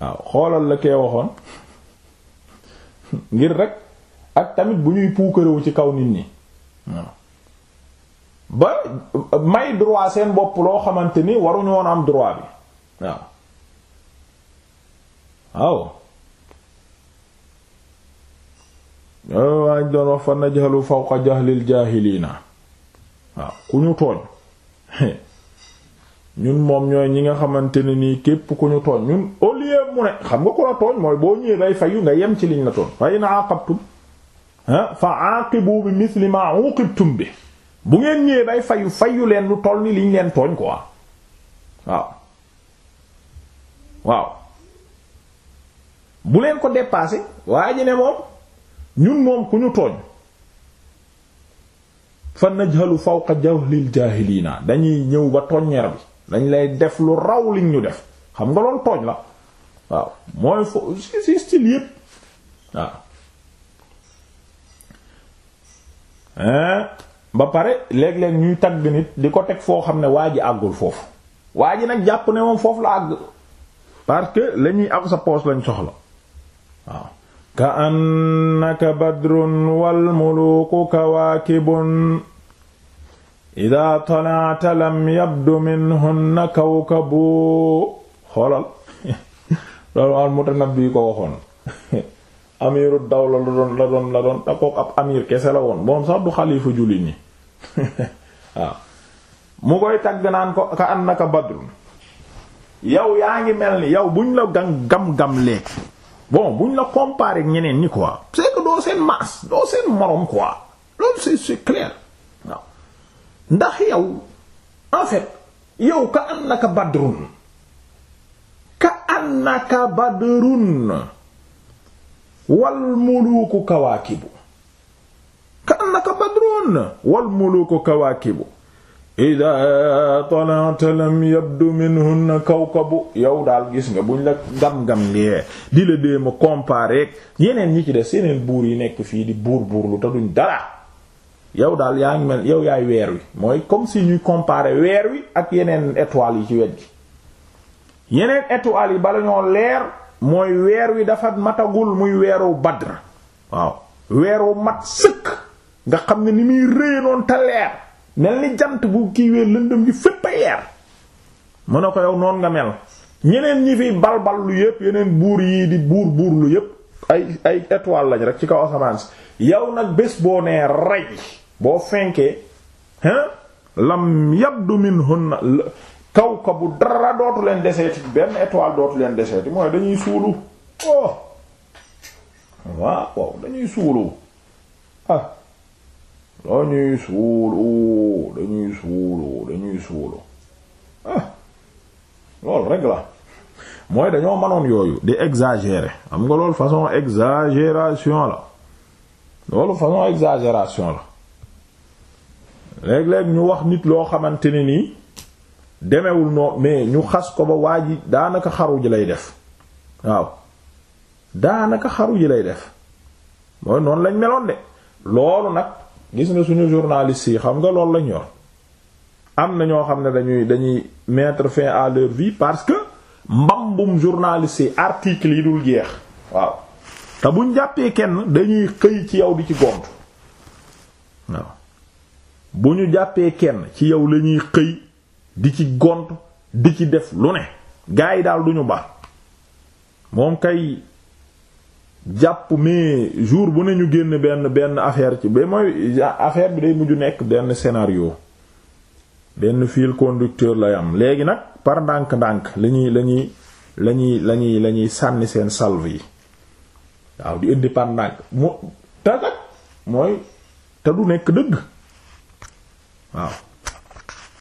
waaw xoolal la kee waxoon ngir rek ak tamit bu ñuy puukarewu ci kaw nit ñi waaw ba may droit seen bopp loo xamante ni waruñu woon am droit bi waaw waaw waañ doon wax fa najhalu fawqa jahlil jaahiliina waaw ku ñu tooñ ñun moom ñooy ñi nga xamante ne nii képp ku ñu tooñ ñun au mu ne xam nga ku la tooñ mooy boo ñëwee day yu nga yem ci liñ la tooñ fa in aqabtum fa aqibu bi misli ma uqibtum bi bu ngeen ñëwee bay fayu fayu leen lu toll ni liñ leen tooñ ko waaw waaw bu leen ko dépassé waa ji ne moom ñun moom ku ñu tooñ fa najhalu fawqa jahlil jaahiliina dañuy ñëw ba toññeer bi dañ lay def lu raw liñ ñu def xam nga loolu tooñ la waaw mooy fo si si style yépp waaw ba pare léeg-léeg ñuy tagg nit di ko teg foo xam ne waa ji àggul foofu waa nag jàpp ne moom foofu la àgg parce que la ñuy am sa poos lañ soxla waaw ka annaka badrun wal muluku kawaakibun ida talaata lam yabdu minhunna kawkabu xoolal loolu al mutanabbi ko waxoon amiru dawla la doon la doon la doon dakook ab amir kese la woon moom sax du xalifa jullit ñi waaw mu koy tagg naan ko ka annaka badrun yow yaa ngi mel ni yow buñ la gam gam gam leeg bon buñ la comparer ñeneen ñi quoi c'est que doo seen maas doo seen morom quoi loolu c'est c'est clair waaw ndax yow en fait yow ka annaka badrun ka annaka badrun wal muluuku kawaakibu ka annaka badrun wal muluuku kawaakibu ida talanta lam yabdu minhunna kawkabu yow daal gis nga buñ la gam-gam lee di la déema comparer yeneen yi ci des yeneen buur yi nekk fii di buur buur lu te duñ dara yow daal yaa ngi mel yow yaay weer wi mooy comme si ñuy comparer weer wi ak yeneen étoiles yi ci wet gi yeneen étoiles yi bala ñoo leer mooy weer wi dafa matagul muy weeru Badr waaw weeru mat sëkk nga xam ne ni muy rëye noonu te leer mel ni jant bu kiiwee lëndëm gi fépp a leer mën na ko yow noon nga mel ñeneen ñi fi balbal lu yépp yeneen buur yii di buur buur lu yépp ay ay étoile lañ rek ci kaw asamaan si yow nag bés boo nee raj boo fenkee hein lam yabdu minhunna kaw ka bu dara dootu leen deseeti benn étoile dootu leen deseeti mooy dañuy suulu oh waaw waaw dañuy suulu ah dañuy suulu dañuy ah! loolu rek la mooy dañoo manoon yooyu di exagérer xam nga loolu façon exagération la loolu façon exagération la léeg-léeg ñu wax nit loo xamante ne nii demewul noo mais ñu xas ko ba waa ji daanaka xaru ji lay def waaw daanaka xaru ji lay def mooy noonu lañ meloon de loolu nag gis nga suñu journaliste yi xam nga loolu lañ yor am na ñoo xam ne dañuy dañuy mettre fin à leur vie parce que mbambum journaliste yi articles yi dul jeex waaw te buñ jàppee kenn dañuy xëy ci yow di ci gont waaw bu ñu jàppee kenn ci yow lañuy xëy di ci gont di ci def lu ne gaa yi daal du ñu baax moom kay jàpp mais jour bu ne ñu génn benn benn affaire ci ba mooy affaire bi day mujj nekk benn scénario benn fil conducteur lay am léegi nag par ndànk-ndànk lañuy lañuy lañuy lañuy lañuy sànni seen salve yi waaw di indi par ndànk mu te nag mooy te du nekk dëgg waaw